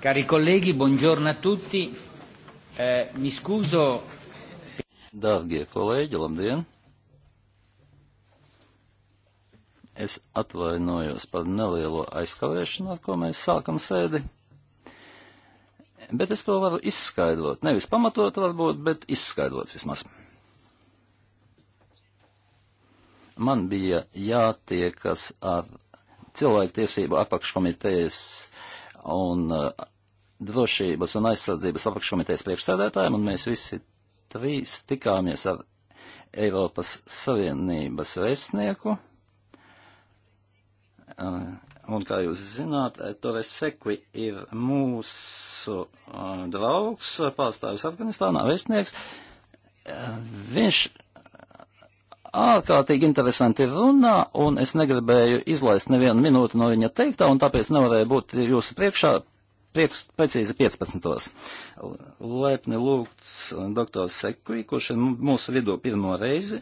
Cari colleghi, buongiorno a tutti. Eh, mi scuso. Dārgie kolēģi, labdien! Es atvainojos par nelielo aizkavēšanu, ar ko mēs sākam sēdi. Bet es to varu izskaidrot. Nevis pamatot varbūt, bet izskaidrot vismaz. Man bija jātiekas ar cilvēktiesību apakškomitejas un uh, drošības un aizsardzības apakškomitejas priekšsēdētājiem, un mēs visi trīs tikāmies ar Eiropas Savienības vēstnieku. Uh, un, kā jūs zināt, Torres Sekvi ir mūsu uh, draugs, pārstāvis Afganistānā, vēstnieks. Uh, viņš ārkārtīgi interesanti runā, un es negribēju izlaist nevienu minūti no viņa teiktā, un tāpēc nevarēju būt jūsu priekšā priekš, precīzi 15. Laipni lūgts doktors Sekuji, kurš ir mūsu vidū pirmo reizi.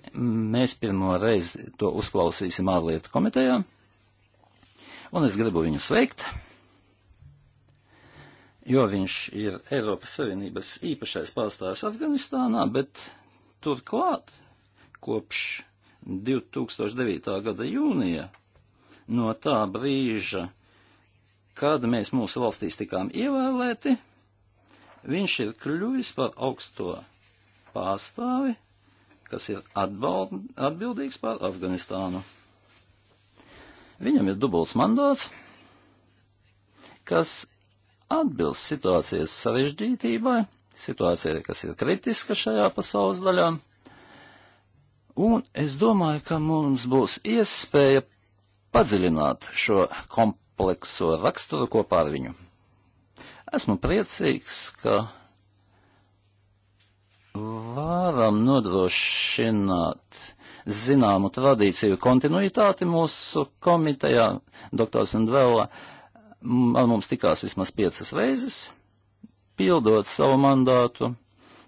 Mēs pirmo reizi to uzklausīsim ārlietu komitejā, un es gribu viņu sveikt jo viņš ir Eiropas Savienības īpašais pārstāvis Afganistānā, bet turklāt kopš 2009. gada jūnija, no tā brīža, kad mēs mūsu valstīs tikām ievēlēti, viņš ir kļuvis par augsto pārstāvi, kas ir atbald, atbildīgs par Afganistānu. Viņam ir dubults mandāts, kas atbilst situācijas sarežģītībai, situācijai, kas ir kritiska šajā pasaules daļā. Un es domāju, ka mums būs iespēja padziļināt šo komplekso raksturu kopā ar viņu. Esmu priecīgs, ka varam nodrošināt zināmu tradīciju kontinuitāti mūsu komitejā. Doktors Andrela ar mums tikās vismaz piecas reizes, pildot savu mandātu.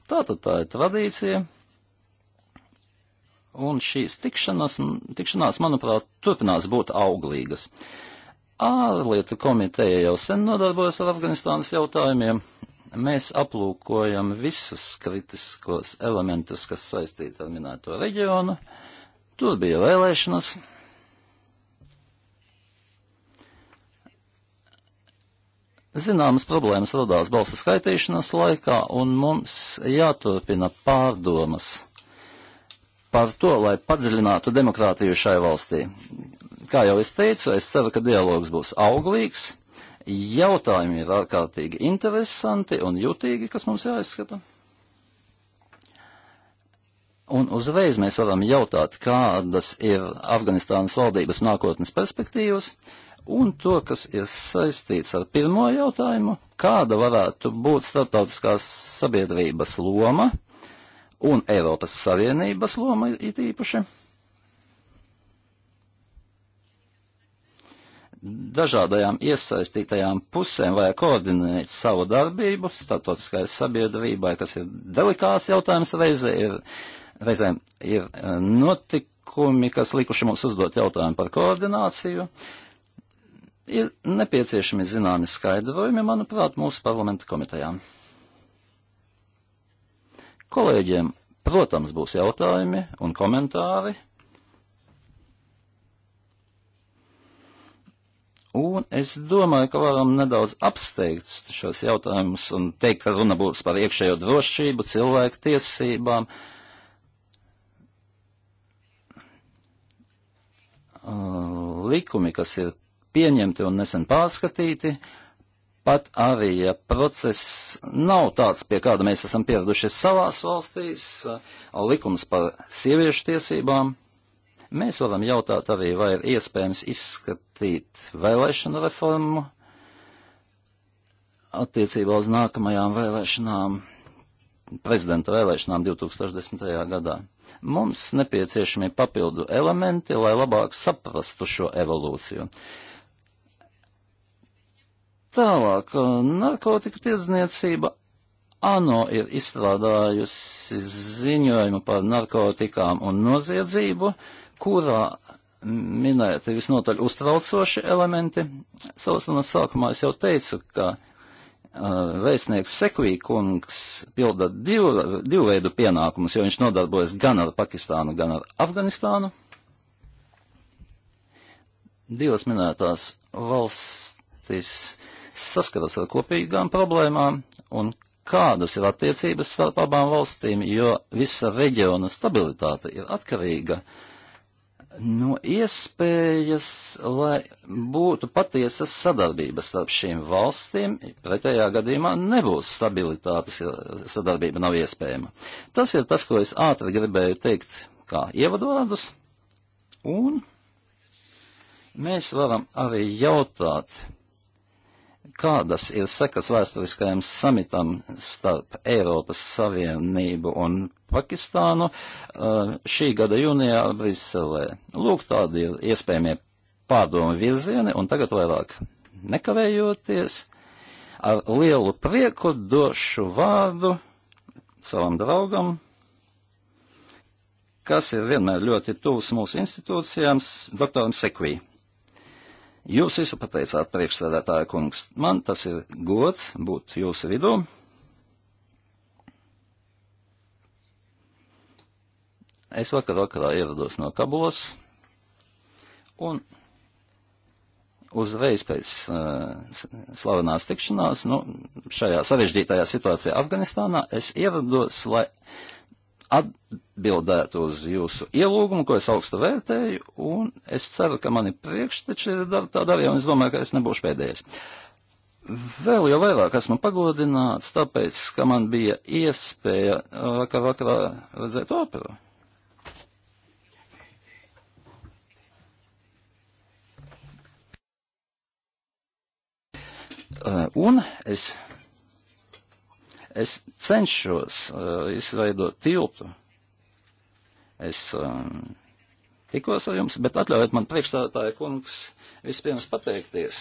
Tātad tā ir tradīcija un šīs tikšanās, tikšanās, manuprāt, turpinās būt auglīgas. Ārlietu komiteja jau sen nodarbojas ar Afganistānas jautājumiem. Mēs aplūkojam visus kritiskos elementus, kas saistīti ar minēto reģionu. Tur bija vēlēšanas. Zināmas problēmas radās balsu skaitīšanas laikā, un mums jāturpina pārdomas par to, lai padziļinātu demokrātiju šai valstī. Kā jau es teicu, es ceru, ka dialogs būs auglīgs, jautājumi ir ārkārtīgi interesanti un jutīgi, kas mums jāizskata. Un uzreiz mēs varam jautāt, kādas ir Afganistānas valdības nākotnes perspektīvas, un to, kas ir saistīts ar pirmo jautājumu, kāda varētu būt starptautiskās sabiedrības loma un Eiropas Savienības loma ir īpaši. Dažādajām iesaistītajām pusēm vajag koordinēt savu darbību, starptautiskai sabiedrībai, kas ir delikāts jautājums reizē, ir, reizēm ir eh, notikumi, kas likuši mums uzdot jautājumu par koordināciju. Ir nepieciešami zināmi skaidrojumi, manuprāt, mūsu parlamenta komitejām. Kolēģiem, protams, būs jautājumi un komentāri. Un es domāju, ka varam nedaudz apsteigt šos jautājumus un teikt, ka runa būs par iekšējo drošību, cilvēku tiesībām. Likumi, kas ir pieņemti un nesen pārskatīti, uh, Pat arī, ja process nav tāds, pie kāda mēs esam pieraduši savās valstīs, likums par sieviešu tiesībām, mēs varam jautāt arī, vai ir iespējams izskatīt vēlēšanu reformu attiecībā uz nākamajām vēlēšanām, prezidenta vēlēšanām 2010. gadā. Mums nepieciešami papildu elementi, lai labāk saprastu šo evolūciju. Uh, Tālāk, uh, narkotika tirdzniecība ANO ir izstrādājusi ziņojumu par narkotikām un noziedzību, kurā minēti visnotaļ uztraucoši elementi. Savas runas sākumā es jau teicu, ka uh, vēstnieks Sekvī kungs pilda divu, divu veidu pienākumus, jo viņš nodarbojas gan ar Pakistānu, gan ar Afganistānu. Divas minētās valstis saskaras ar kopīgām problēmām un kādas ir attiecības starp abām valstīm, jo visa reģiona stabilitāte ir atkarīga no iespējas, lai būtu patiesas sadarbības starp šīm valstīm, pretējā gadījumā nebūs stabilitātes, ja sadarbība nav iespējama. Tas ir tas, ko es ātri gribēju teikt kā ievadvārdus, un mēs varam arī jautāt, kādas ir sekas vēsturiskajam samitam starp Eiropas Savienību un Pakistānu uh, šī gada jūnijā Briselē. Lūk, tādi ir iespējamie pārdomu virzieni, un tagad vairāk nekavējoties, ar lielu prieku došu vārdu savam draugam, kas ir vienmēr ļoti tuvs mūsu institūcijām, doktoram Sekvī. Jūs visu pateicāt, priekšsēdētāja kungs. Man tas ir gods būt jūsu vidū. Es vakar vakarā ierados no Kabulas un uzreiz pēc uh, slavenās tikšanās, nu, šajā sarežģītajā situācijā Afganistānā, es ierados, lai atbildētu uz jūsu ielūgumu, ko es augstu vērtēju, un es ceru, ka mani priekšteči ir dar, tā darīja, un es domāju, ka es nebūšu pēdējais. Vēl jau vairāk esmu pagodināts, tāpēc, ka man bija iespēja vakar vakarā redzēt operu. Un es Es cenšos uh, izveidot tiltu. Es um, tikos ar jums, bet atļaujiet man priekšstādātāja kungs vispirms pateikties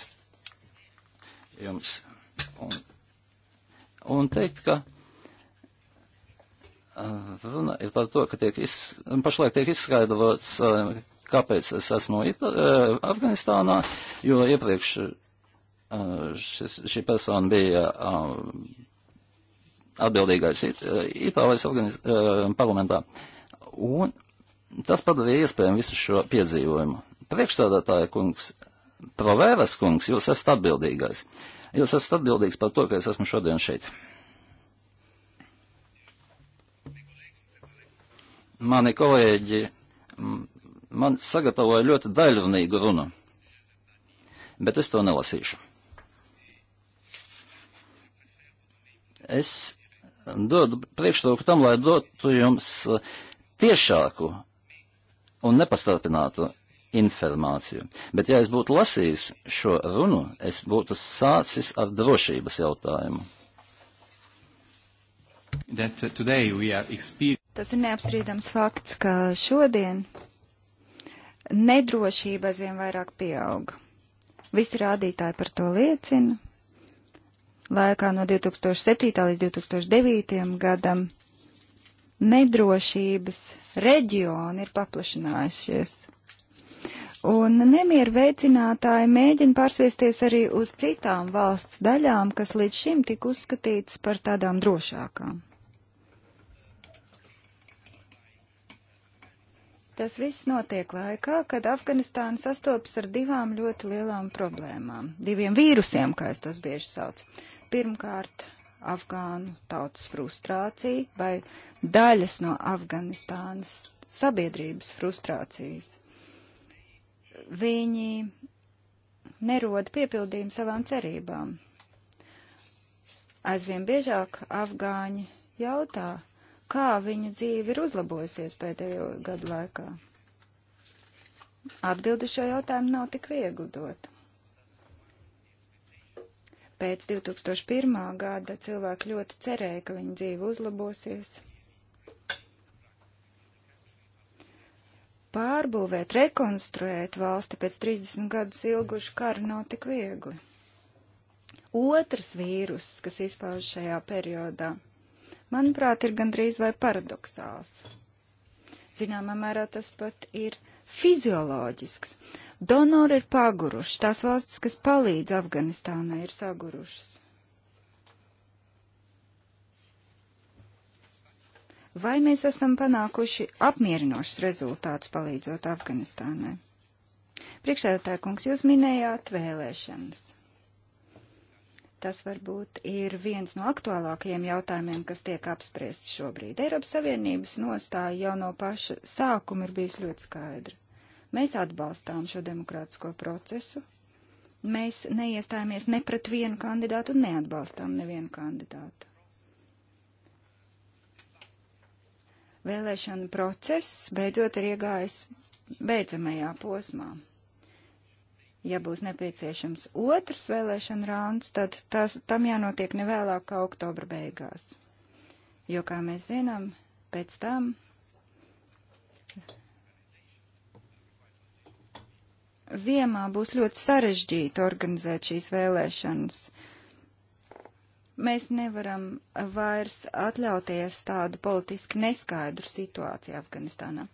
jums un, un teikt, ka eh, runa ir par to, ka tiek iz, pašlaik tiek izskaidrots, eh, kāpēc es esmu Ita Afganistānā, jo iepriekš šis, šī persona bija um, atbildīgais it, eh, Itālijas organiz, eh, parlamentā. Un tas padarīja iespējami visu šo piedzīvojumu. Priekšstādātāja kungs, Provēras kungs, jūs esat atbildīgais. Jūs esat atbildīgs par to, ka es esmu šodien šeit. Mani kolēģi man sagatavoja ļoti daļrunīgu runu, bet es to nelasīšu. Es dodu priekšroku tam, lai dotu jums uh, tiešāku un nepastarpinātu informāciju. Bet, ja es būtu lasījis šo runu, es būtu sācis ar drošības jautājumu. Uh, Tas ir neapstrīdams fakts, ka šodien nedrošība aizvien vairāk pieauga. Visi rādītāji par to liecina laikā no 2007. līdz 2009. gadam nedrošības reģioni ir paplašinājušies. Un nemieru veicinātāji mēģina pārsviesties arī uz citām valsts daļām, kas līdz šim tika uzskatītas par tādām drošākām. Tas viss notiek laikā, kad Afganistāna sastopas ar divām ļoti lielām problēmām, diviem vīrusiem, kā es tos bieži saucu pirmkārt afgānu tautas frustrācija vai daļas no Afganistānas sabiedrības frustrācijas. Viņi nerod piepildījumu savām cerībām. Aizvien biežāk afgāņi jautā, kā viņu dzīve ir uzlabojusies pēdējo gadu laikā. Atbildi šo jautājumu nav tik viegli dot. Pēc 2001. gada cilvēki ļoti cerēja, ka viņa dzīve uzlabosies. Pārbūvēt, rekonstruēt valsti pēc 30 gadus ilgušu karu nav tik viegli. Otrs vīrus, kas izpauž šajā periodā, manuprāt, ir gandrīz vai paradoxāls. Zināmā mērā tas pat ir fizioloģisks. Uh, Donori ir paguruši. Tās valstis, kas palīdz Afganistānai, ir sagurušas. Vai mēs esam panākuši apmierinošus rezultātus palīdzot Afganistānai? Priekšsēdētāja kungs, jūs minējāt vēlēšanas. Tas varbūt ir viens no aktuālākajiem jautājumiem, kas tiek apspriests šobrīd. Eiropas Savienības nostāja jau no paša sākuma ir bijusi ļoti skaidra. Mēs atbalstām šo demokrātisko procesu. Mēs neiestājāmies ne pret vienu kandidātu un neatbalstām nevienu kandidātu. Vēlēšana process beidzot ir iegājis beidzamajā posmā ja būs nepieciešams otrs vēlēšana rauns, tad tas, tam jānotiek nevēlāk kā oktobra beigās. Jo, kā mēs zinām, pēc tam Ziemā būs ļoti sarežģīti organizēt šīs vēlēšanas. Mēs nevaram vairs atļauties tādu politiski neskaidru situāciju Afganistānā.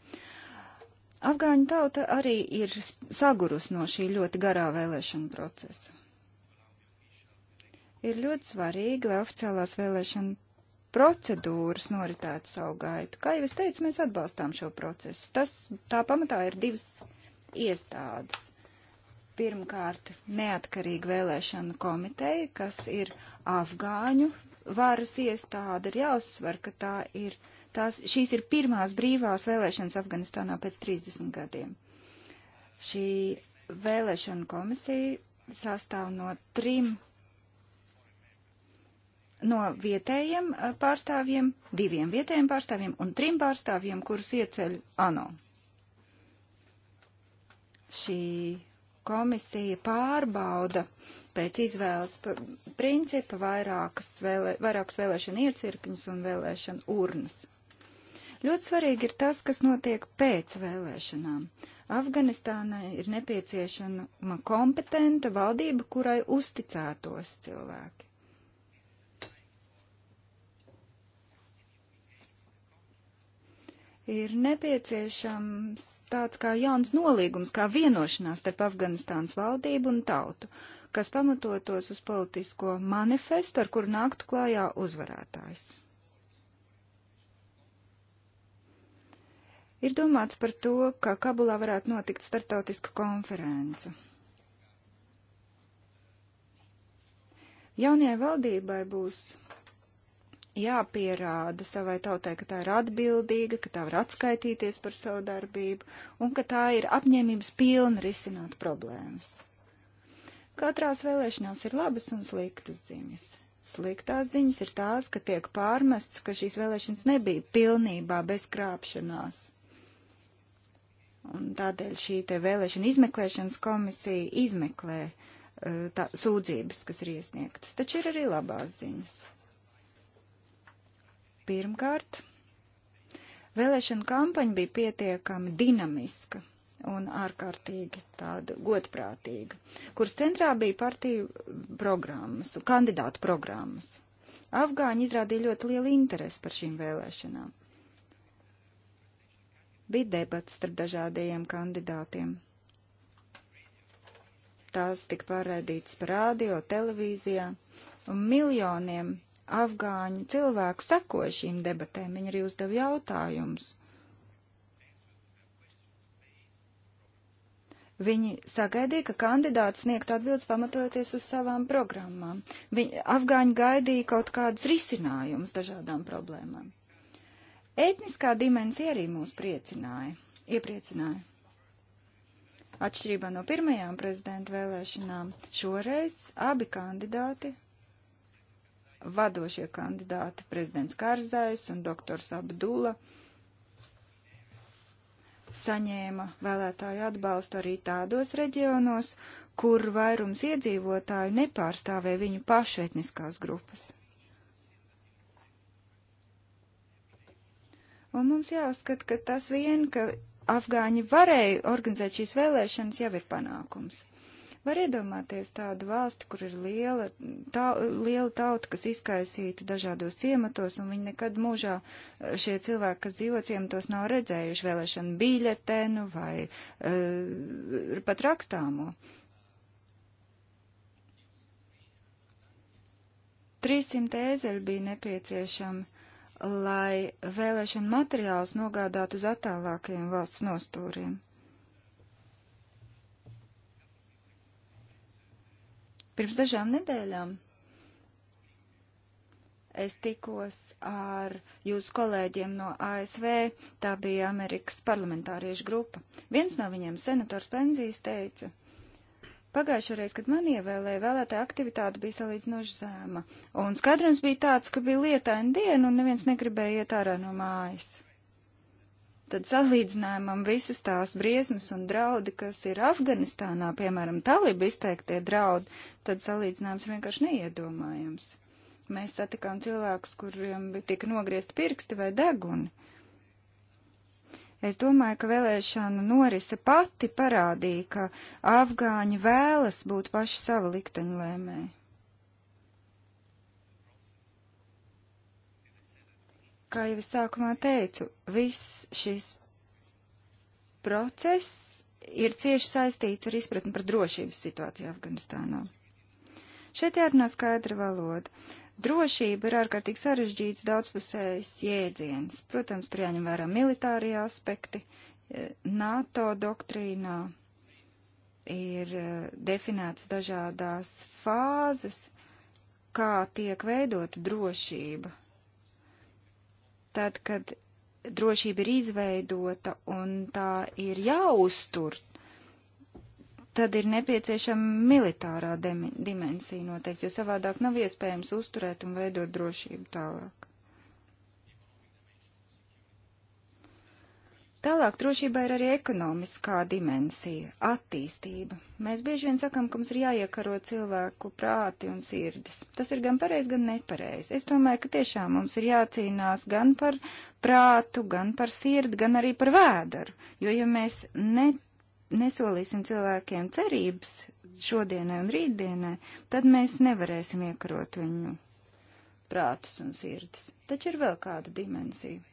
Afgāņu tauta arī ir sagurus no šī ļoti garā vēlēšana procesa. Ir ļoti svarīgi, lai oficiālās vēlēšana procedūras noritētu savu gaitu. Kā jau es teicu, mēs atbalstām šo procesu. Tas tā pamatā ir divas iestādes. Pirmkārt, neatkarīga vēlēšana komiteja, kas ir afgāņu varas iestāde, ir jāuzsver, ka tā ir, tās, šīs ir pirmās brīvās vēlēšanas Afganistānā pēc 30 gadiem. Šī vēlēšana komisija sastāv no trim no vietējiem eh, pārstāvjiem, diviem vietējiem pārstāvjiem un trim pārstāvjiem, kurus ieceļ ANO šī komisija pārbauda pēc izvēles principa vairākas vēlē, vairākus vēlēšanu iecirkņus un vēlēšanu urnas. Ļoti svarīgi ir tas, kas notiek pēc vēlēšanām. Afganistānai ir nepieciešama kompetenta valdība, kurai uzticētos cilvēki. ir nepieciešams tāds kā jauns nolīgums, kā vienošanās starp Afganistānas valdību un tautu, kas pamatotos uz politisko manifestu, ar kuru nāktu klājā uzvarētājs. Ir domāts par to, ka Kabulā varētu notikt startautiska konference. Jaunajai valdībai būs jāpierāda savai tautai, ka tā ir atbildīga, ka tā var atskaitīties par savu darbību un ka tā ir apņēmības pilna risināt problēmas. Katrās vēlēšanās ir labas un sliktas ziņas. Sliktās ziņas ir tās, ka tiek pārmests, ka šīs vēlēšanas nebija pilnībā bez krāpšanās. Un tādēļ šī te vēlēšana izmeklēšanas komisija izmeklē uh, tā, sūdzības, kas ir iesniegtas. Taču ir arī labās ziņas. Pirmkārt, vēlēšana kampaņa bija pietiekami dinamiska un ārkārtīgi tāda godprātīga, kuras centrā bija partiju programmas, kandidātu programmas. Afgāņi izrādīja ļoti lielu interesi par šīm vēlēšanām. Bija debats starp dažādajiem kandidātiem. Tās tika pārraidītas par radio, televīzijā, un miljoniem afgāņu cilvēku sekoja šīm debatēm, viņi arī uzdeva jautājumus. Viņi sagaidīja, ka kandidāts sniegt atbildes pamatojoties uz savām programmām. Viņi, afgāņi gaidīja kaut kādus risinājumus dažādām problēmām. Etniskā dimensija arī mūs priecināja, iepriecināja. Atšķirībā no pirmajām prezidenta vēlēšanām, šoreiz abi kandidāti vadošie kandidāti prezidents Kārzais un doktors Abdula saņēma vēlētāju atbalstu arī tādos reģionos, kur vairums iedzīvotāju nepārstāvē viņu pašu etniskās grupas. Un mums jāuzskata, ka tas vien, ka afgāņi varēja organizēt šīs vēlēšanas, jau ir panākums. Var iedomāties tādu valsti, kur ir liela, tā, liela tauta, kas izkaisīta dažādos ciematos, un viņi nekad mūžā eh, šie cilvēki, kas dzīvo ciematos, nav redzējuši vēlēšanu biļetenu vai uh, pat rakstāmo. 300 ēzeļi bija nepieciešami, lai vēlēšana materiāls nogādātu uz attālākajiem valsts nostūriem. Pirms dažām nedēļām es tikos ar jūsu kolēģiem no ASV, tā bija Amerikas parlamentāriešu grupa. Viens no viņiem, senators Penzijas, teica, Pagājušā reize, kad man ievēlēja, vēlētāja aktivitāte bija salīdzinoši zēma, un skatrums bija tāds, ka bija lietaina diena, un neviens negribēja iet ārā no mājas tad salīdzinājumam visas tās briesmas un draudi, kas ir Afganistānā, piemēram, talibu izteiktie draudi, tad salīdzinājums vienkārši neiedomājams. Mēs satikām cilvēkus, kuriem tika nogriezti pirksti vai deguni. Es domāju, ka vēlēšana norise pati parādīja, ka afgāņi vēlas būt paši sava likteņlēmēji. Kā jau es sākumā teicu, viss šis process ir cieši saistīts ar izpratni par drošības situāciju Afganistānā. Šeit jārunā skaidra valoda. Drošība ir ārkārtīgi sarežģīts daudzpusējs jēdziens. Protams, tur jāņem vērā militārie aspekti. E, NATO doktrīnā ir e, definētas dažādās fāzes, kā tiek veidota drošība tad, kad drošība ir izveidota un tā ir jāuztur, tad ir nepieciešama militārā dimensija noteikti, jo savādāk nav iespējams uzturēt un veidot drošību tālāk. Tālāk drošībā ir arī ekonomiskā dimensija - attīstība. Mēs bieži vien sakam, ka mums ir jāiekaro cilvēku prāti un sirdis. Tas ir gan pareizi, gan nepareizi. Es domāju, ka tiešām mums ir jācīnās gan par prātu, gan par sirdi, gan arī par vēdaru. Jo ja mēs ne, nesolīsim cilvēkiem cerības šodienai un rītdienai, tad mēs nevarēsim iekarot viņu prātus un sirdis. Taču ir vēl kāda dimensija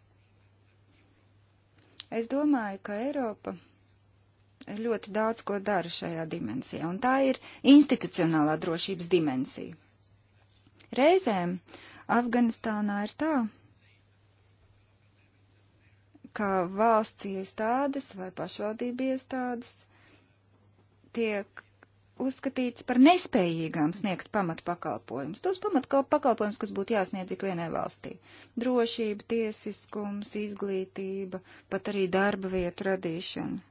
Es domāju, ka Eiropa ļoti daudz ko dara šajā dimensijā, un tā ir institucionālā drošības dimensija. Reizēm Afganistānā ir tā, ka valsts iestādes vai pašvaldība iestādes tiek uzskatīts par nespējīgām sniegt pamatpakalpojumus, tos pamatpakalpojumus, kas būtu jāsniedz ik vienai valstī - drošība, tiesiskums, izglītība, pat arī darba vietu radīšana.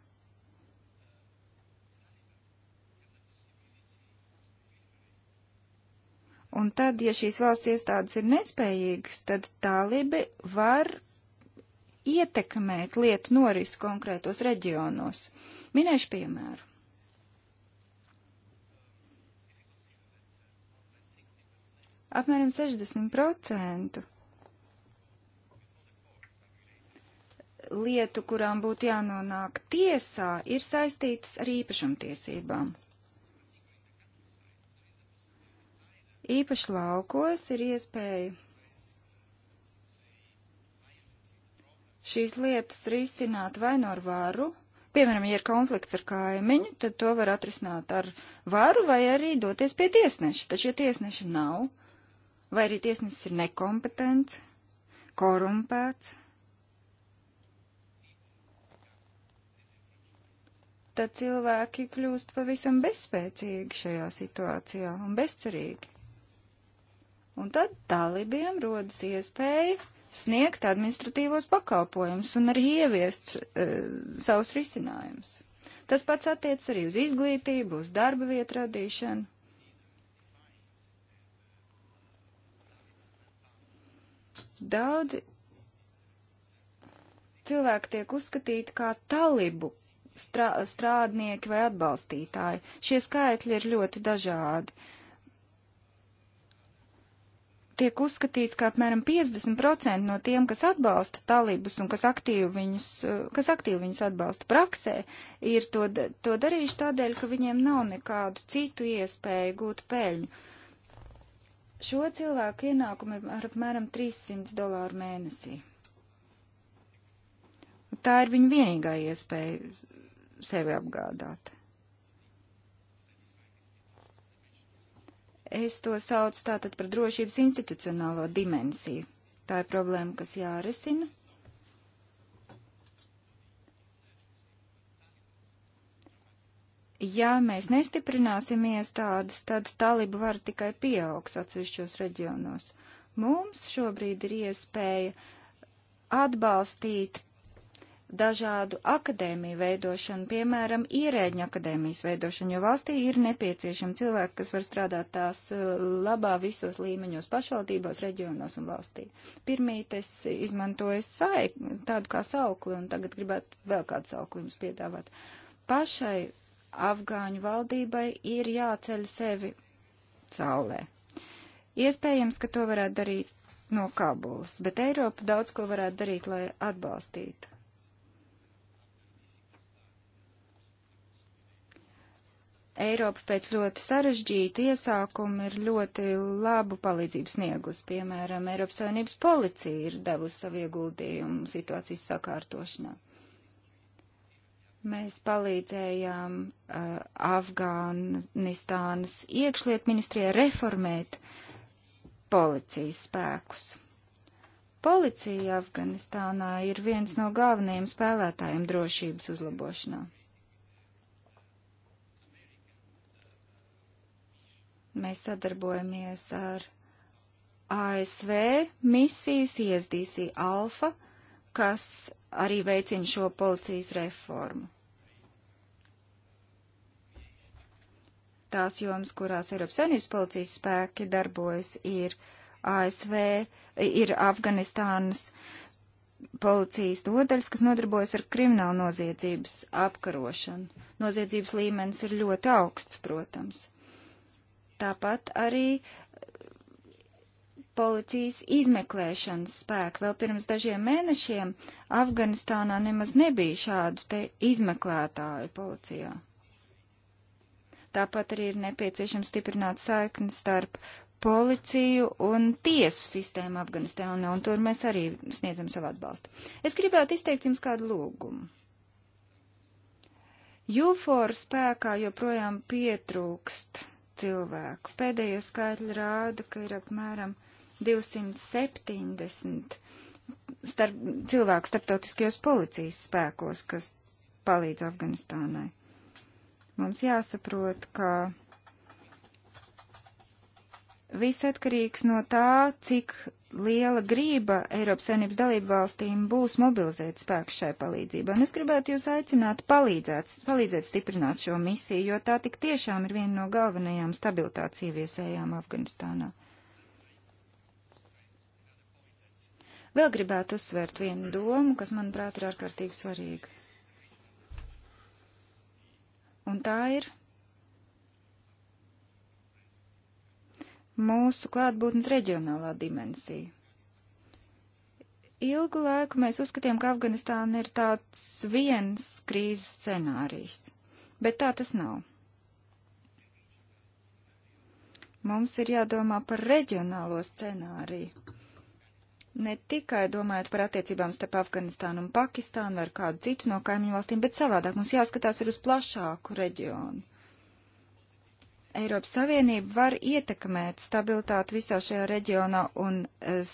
Un tad, ja šīs valsts iestādes ir nespējīgas, tad tālibi var ietekmēt lietu norisi konkrētos reģionos. Minēšu piemēru. apmēram 60% lietu, kurām būtu jānonāk tiesā, ir saistītas ar īpašumtiesībām. Īpaši laukos ir iespēja šīs lietas risināt vai no nu ar varu, piemēram, ja ir konflikts ar kaimiņu, tad to var atrisināt ar varu vai arī doties pie tiesneša, taču ja tiesneša nav, vai arī tiesnesis ir nekompetents, korumpēts, tad cilvēki kļūst pavisam bezspēcīgi šajā situācijā un bezcerīgi. Un tad talibiem rodas iespēja sniegt administratīvos pakalpojumus un arī ieviest e, savus risinājumus. Tas pats attiec arī uz izglītību, uz darba vietu radīšanu. Daudzi cilvēki tiek uzskatīti kā talibu strā, strādnieki vai atbalstītāji. Šie skaitļi ir ļoti dažādi. Tiek uzskatīts, ka apmēram 50% no tiem, kas atbalsta talibus un kas aktīvi viņus, kas aktīvi viņus atbalsta praksē, ir to, to darījuši tādēļ, ka viņiem nav nekādu citu iespēju gūt peļņu. Uh, Šo cilvēku ienākumi ir apmēram 300 dolāru mēnesī. Tā ir viņa vienīgā iespēja sevi apgādāt. Es to saucu tātad par drošības institucionālo dimensiju. Tā ir problēma, kas jārisina. Ja mēs nestiprināsim iestādes, tad taliba var tikai pieaugs atsevišķos reģionos. Mums šobrīd ir iespēja atbalstīt dažādu akadēmiju veidošanu, piemēram, ierēģņu akadēmijas veidošanu, jo valstī ir nepieciešami cilvēki, kas var strādāt tās uh, labā visos līmeņos, pašvaldībās, reģionos un valstī. Pirmīt es izmantoju saik, tādu kā saukli, un tagad gribētu vēl kādu saukli jums piedāvāt. Pašai Afgāņu valdībai ir jāceļ sevi caulē. Iespējams, ka to varētu darīt no Kabulas, bet Eiropa daudz ko varētu darīt, lai atbalstītu. Eiropa pēc ļoti sarežģīta iesākuma ir ļoti labu palīdzību sniegus. Piemēram, Eiropas Savienības policija ir devusi savu ieguldījumu situācijas sakārtošanā. Mēs palīdzējām uh, Afganistānas iekšliet ministrijai reformēt policijas spēkus. Policija Afganistānā ir viens no galvenajiem spēlētājiem drošības uzlabošanā. Mēs sadarbojamies ar ASV misijas iezdīsī Alfa kas arī veicina šo policijas reformu. Tās jomas, kurās Eiropas Savienības policijas spēki darbojas, ir ASV, ir Afganistānas policijas nodaļas, kas nodarbojas ar kriminālu noziedzības apkarošanu. Noziedzības līmenis ir ļoti augsts, protams. Tāpat arī policijas izmeklēšanas spēki. Vēl pirms dažiem mēnešiem Afganistānā nemaz nebija šādu te izmeklētāju policijā. Tāpat arī ir nepieciešams stiprināt saikni starp policiju un tiesu sistēmu Afganistānā, un tur mēs arī sniedzam savu atbalstu. Es gribētu izteikt jums kādu lūgumu. Jūfor spēkā joprojām pietrūkst cilvēku. Pēdējie skaitļi rāda, ka ir apmēram 1,5 270 starp, cilvēku starptautiskajos policijas spēkos, kas palīdz Afganistānai. Mums jāsaprot, ka viss atkarīgs no tā, cik liela grība Eiropas Savienības dalību valstīm būs mobilizēt spēku šai palīdzībai. Un es gribētu jūs aicināt palīdzēt, palīdzēt stiprināt šo misiju, jo tā tik tiešām ir viena no galvenajām stabilitātes ieviesējām Afganistānā. Vēl gribētu uzsvērt vienu domu, kas, manuprāt, ir ārkārtīgi svarīga. Un tā ir mūsu klātbūtnes reģionālā dimensija. Ilgu laiku mēs uzskatījām, ka Afganistāna ir tāds viens krīzes scenārijs, bet tā tas nav. Mums ir jādomā par reģionālo scenāriju, ne tikai domājot par attiecībām starp Afganistānu un Pakistānu vai kādu citu no kaimiņu valstīm, bet savādāk mums jāskatās ir uz plašāku reģionu. Eiropas Savienība var ietekmēt stabilitāti visā šajā reģionā un eh,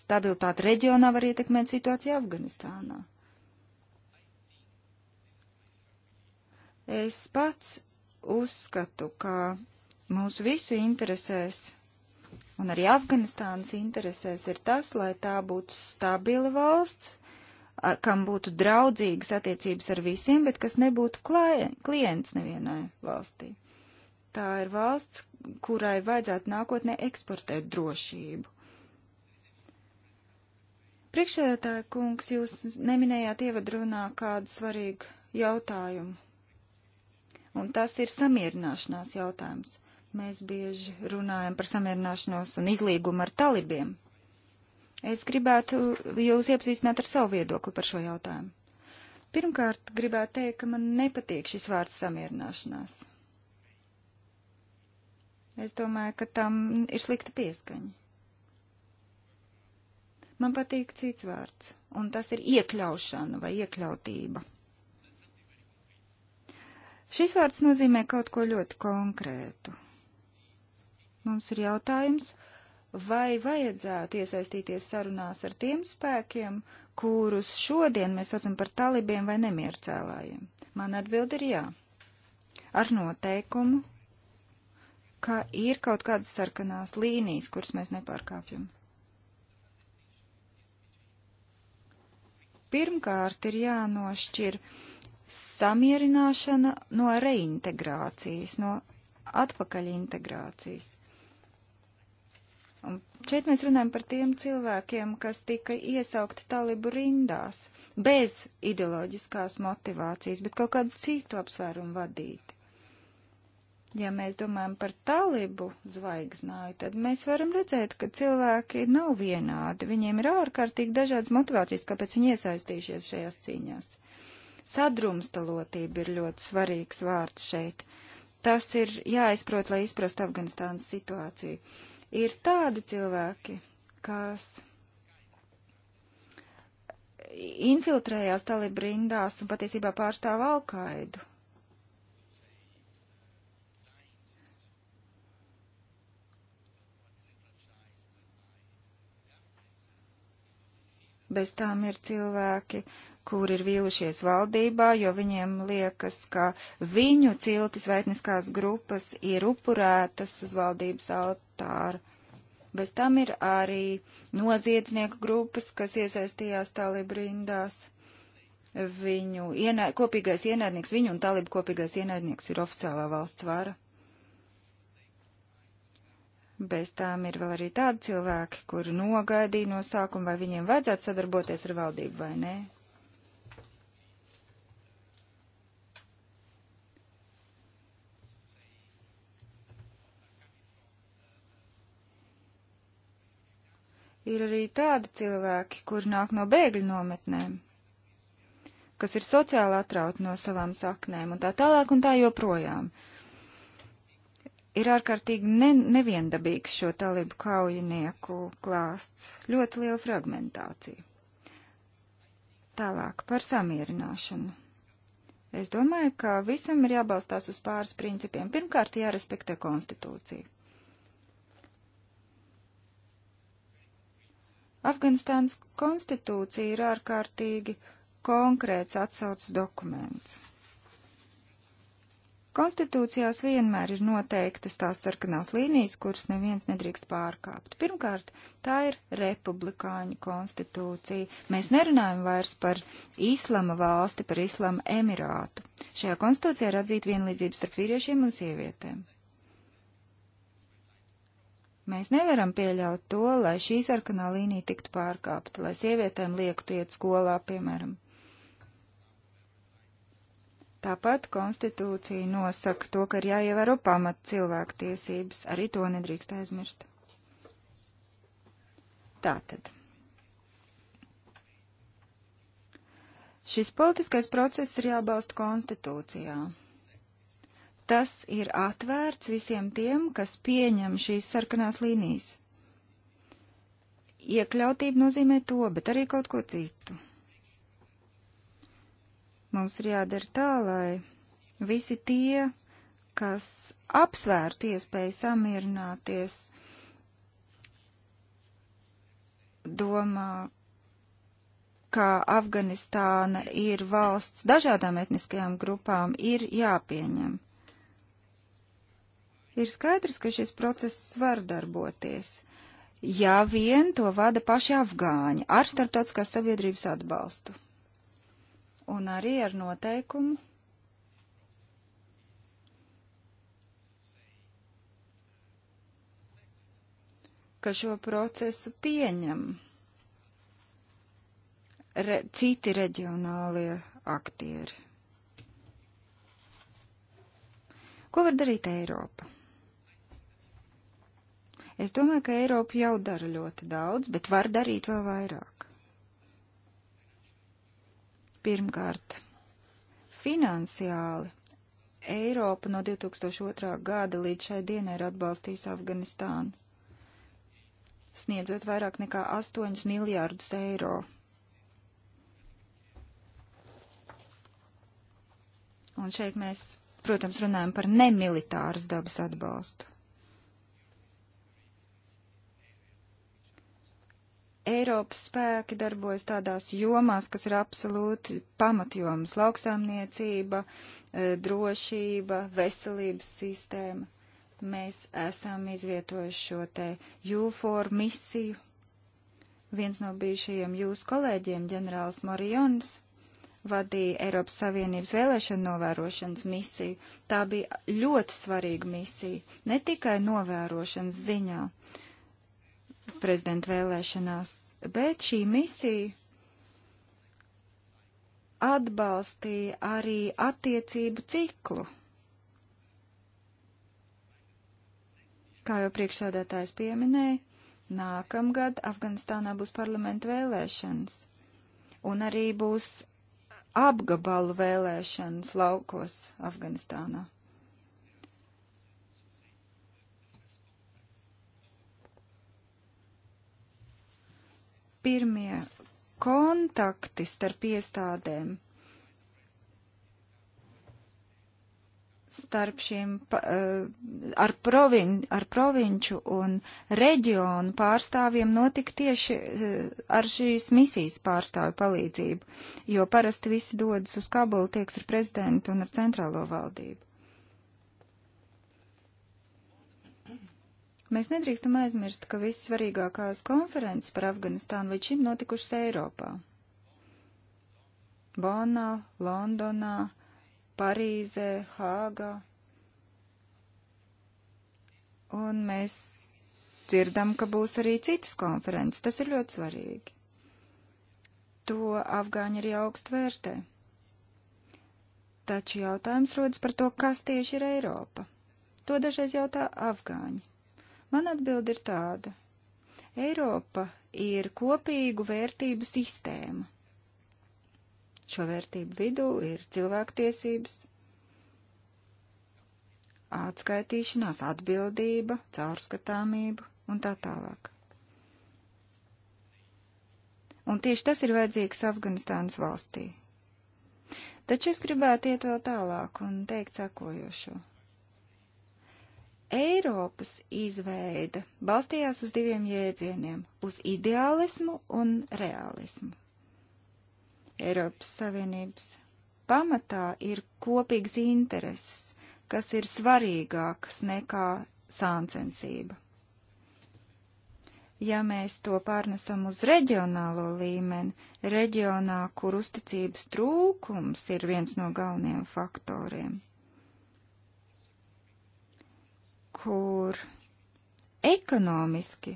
stabilitāti reģionā var ietekmēt situāciju Afganistānā. Es pats uzskatu, ka mūsu visu interesēs Un arī Afganistānas interesēs ir tas, lai tā būtu stabila valsts, kam būtu draudzīgas attiecības ar visiem, bet kas nebūtu klāja, klients nevienai valstī. Tā ir valsts, kurai vajadzētu nākotnē eksportēt drošību. Priekšsēdētāja kungs, jūs neminējāt ievadrunā kādu svarīgu jautājumu, un tas ir samierināšanās jautājums. Mēs bieži runājam par samierināšanos un izlīgumu ar talibiem. Es gribētu jūs iepazīstināt ar savu viedokli par šo jautājumu. Pirmkārt, gribētu teikt, ka man nepatīk šis vārds samierināšanās. Es domāju, ka tam ir slikta pieskaņa. Man patīk cits vārds, un tas ir iekļaušana vai iekļautība. Šis vārds nozīmē kaut ko ļoti konkrētu. Mums ir jautājums, vai vajadzētu iesaistīties sarunās ar tiem spēkiem, kurus šodien mēs saucam par talibiem vai nemiercēlājiem? Man atbild ir jā. Ar noteikumu, ka ir kaut kādas sarkanās līnijas, kuras mēs nepārkāpjam. Pirmkārt, ir jānošķir samierināšana no reintegrācijas, no atpakaļintegrācijas. Un šeit mēs runājam par tiem cilvēkiem, kas tika iesaukti talibu rindās bez ideoloģiskās motivācijas, bet kaut kādu citu apsvērumu vadīti. Ja mēs domājam par talibu zvaigznāju, tad mēs varam redzēt, ka cilvēki nav vienādi. Viņiem ir ārkārtīgi dažādas motivācijas, kāpēc viņi iesaistījušies šajās cīņās. Sadrumstalotība ir ļoti svarīgs vārds šeit. Tas ir jāizprot, lai izprastu Afganistānas situāciju. Uh, Ir tādi cilvēki, kas infiltrējās talību rindās un patiesībā pārstāv Alkaidu. Bez tām ir cilvēki, kur ir vīlušies valdībā, jo viņiem liekas, ka viņu ciltis vai etniskās grupas ir upurētas uz valdības altāra. Bez tam ir arī noziedznieku grupas, kas iesaistījās talibu rindās. Viņu ienā, kopīgais ienaidnieks, viņu un talibu kopīgais ienaidnieks ir oficiālā valsts vara. Bez tām ir vēl arī tādi cilvēki, kuri nogaidīja no sākuma, vai viņiem vajadzētu sadarboties ar valdību vai nē. Ir arī tādi cilvēki, kuri nāk no bēgļu nometnēm, kas ir sociāli atrauti no savām saknēm un tā tālāk un tā joprojām. Ir ārkārtīgi ne, neviendabīgs šo talibu kaujinieku klāsts, ļoti liela fragmentācija. Tālāk par samierināšanu. Es domāju, ka visam ir jābalstās uz pāris principiem. Pirmkārt, jārespektē konstitūcija. Afganistānas konstitūcija ir ārkārtīgi konkrēts atsaucas dokuments. Konstitūcijās vienmēr ir noteiktas tās sarkanās līnijas, kuras neviens nedrīkst pārkāpt. Pirmkārt, tā ir republikāņu konstitūcija. Mēs nerunājam vairs par islama valsti, par islama emirātu. Šajā konstitūcijā ir atzīta vienlīdzība starp vīriešiem un sievietēm. Mēs nevaram pieļaut to, lai šī sarkanā līnija tiktu pārkāpta, lai sievietēm liektu iet skolā, piemēram. Tāpat konstitūcija nosaka to, ka ir jāievēro pamat cilvēktiesības, arī to nedrīkst aizmirst. Tātad. Šis politiskais process ir jābalsta konstitūcijā tas ir atvērts visiem tiem, kas pieņem šīs sarkanās līnijas. Iekļautība nozīmē to, bet arī kaut ko citu. Mums ir jādara tā, lai visi tie, kas apsvērtu iespēju samierināties, domā, ka Afganistāna ir valsts dažādām etniskajām grupām, ir jāpieņem. Ir skaidrs, ka šis process var darboties, ja vien to vada paši afgāņi ar starptautiskās sabiedrības atbalstu un arī ar noteikumu, ka šo procesu pieņem re, citi reģionālie aktieri. Ko var darīt Eiropa? Es domāju, ka Eiropa jau dara ļoti daudz, bet var darīt vēl vairāk. Pirmkārt, finansiāli Eiropa no 2002. gada līdz šai dienai ir atbalstījusi Afganistānu sniedzot vairāk nekā 8 miljārdus eiro. Un šeit mēs, protams, runājam par nemilitāras dabas atbalstu. Eiropas spēki darbojas tādās jomās, kas ir absolūti pamatjomas - lauksāmniecība, eh, drošība, veselības sistēma. Mēs esam izvietojuši šo te UFOR misiju. Viens no bijušajiem jūsu kolēģiem, ģenerālis Morijons, vadīja Eiropas Savienības vēlēšanu novērošanas misiju. Tā bija ļoti svarīga misija, ne tikai novērošanas ziņā prezidenta vēlēšanās, bet šī misija atbalstīja arī attiecību ciklu. Kā jau priekšsēdētājs pieminēja, nākamgad Afganistānā būs parlamenta vēlēšanas un arī būs apgabalu vēlēšanas laukos Afganistānā. pirmie kontakti starp iestādēm, starp šīm eh, ar, provin, ar provinču un reģionu pārstāvjiem notika tieši eh, ar šīs misijas pārstāvju palīdzību, jo parasti visi dodas uz Kabulu, tieks ar prezidentu un ar centrālo valdību. Mēs nedrīkstam aizmirst, ka viss svarīgākās konferences par Afganistānu līdz šim notikušas Eiropā. Bonā, Londonā, Parīzē, Hāgā. Un mēs dzirdam, ka būs arī citas konferences. Tas ir ļoti svarīgi. To afgāņi arī augstu vērtē. Taču jautājums rodas par to, kas tieši ir Eiropa. To dažreiz jautā afgāņi. Man atbild ir tāda. Eiropa ir kopīgu vērtību sistēma. Šo vērtību vidū ir cilvēktiesības, atskaitīšanās, atbildība, caurskatāmība un tā tālāk. Un tieši tas ir vajadzīgs Afganistānas valstī. Taču es gribētu iet vēl tālāk un teikt sakojošo. Eiropas izveida balstījās uz diviem jēdzieniem - uz ideālismu un realismu. Eiropas Savienības pamatā ir kopīgas intereses, kas ir svarīgākas nekā sāncensība. Ja mēs to pārnesam uz reģionālo līmeni, reģionā, kur uzticības trūkums ir viens no galvenajiem faktoriem – kur ekonomiski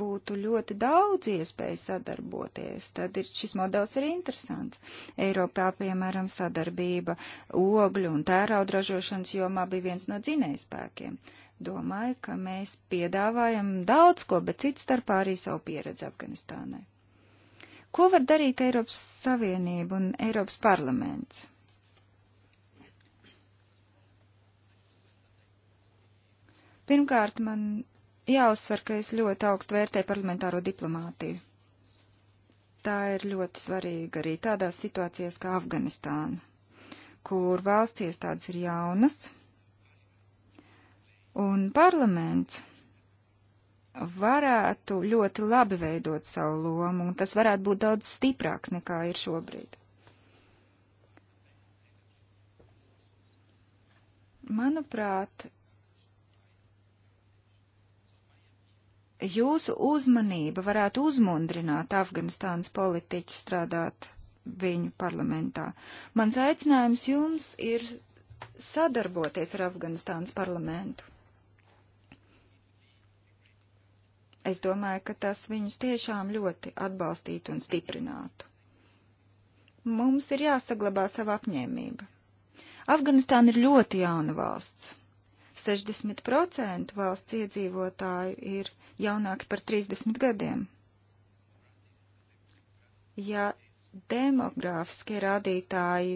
būtu ļoti daudz iespēju sadarboties, tad ir, šis modelis ir interesants. Eiropā, piemēram, sadarbība ogļu un tērauda ražošanas jomā bija viens no dzinējspēkiem. Domāju, ka mēs piedāvājam daudz ko, bet cits starpā arī savu pieredzi Afganistānai. Ko var darīt Eiropas Savienība un Eiropas parlaments? Pirmkārt, man jāuzsver, ka es ļoti augstu vērtēju parlamentāro diplomātiju. Tā ir ļoti svarīga arī tādās situācijās kā Afganistāna, kur valsts iestādes ir jaunas, un parlaments varētu ļoti labi veidot savu lomu, un tas varētu būt daudz stiprāks nekā ir šobrīd. Manuprāt, jūsu uzmanība varētu uzmundrināt Afganistānas politiķu strādāt viņu parlamentā. Mans aicinājums jums ir sadarboties ar Afganistānas parlamentu. Es domāju, ka tas viņus tiešām ļoti atbalstītu un stiprinātu. Mums ir jāsaglabā sava apņēmība. Afganistāna ir ļoti jauna valsts. 60% valsts iedzīvotāju ir jaunāki par 30 gadiem. Ja demogrāfiskie rādītāji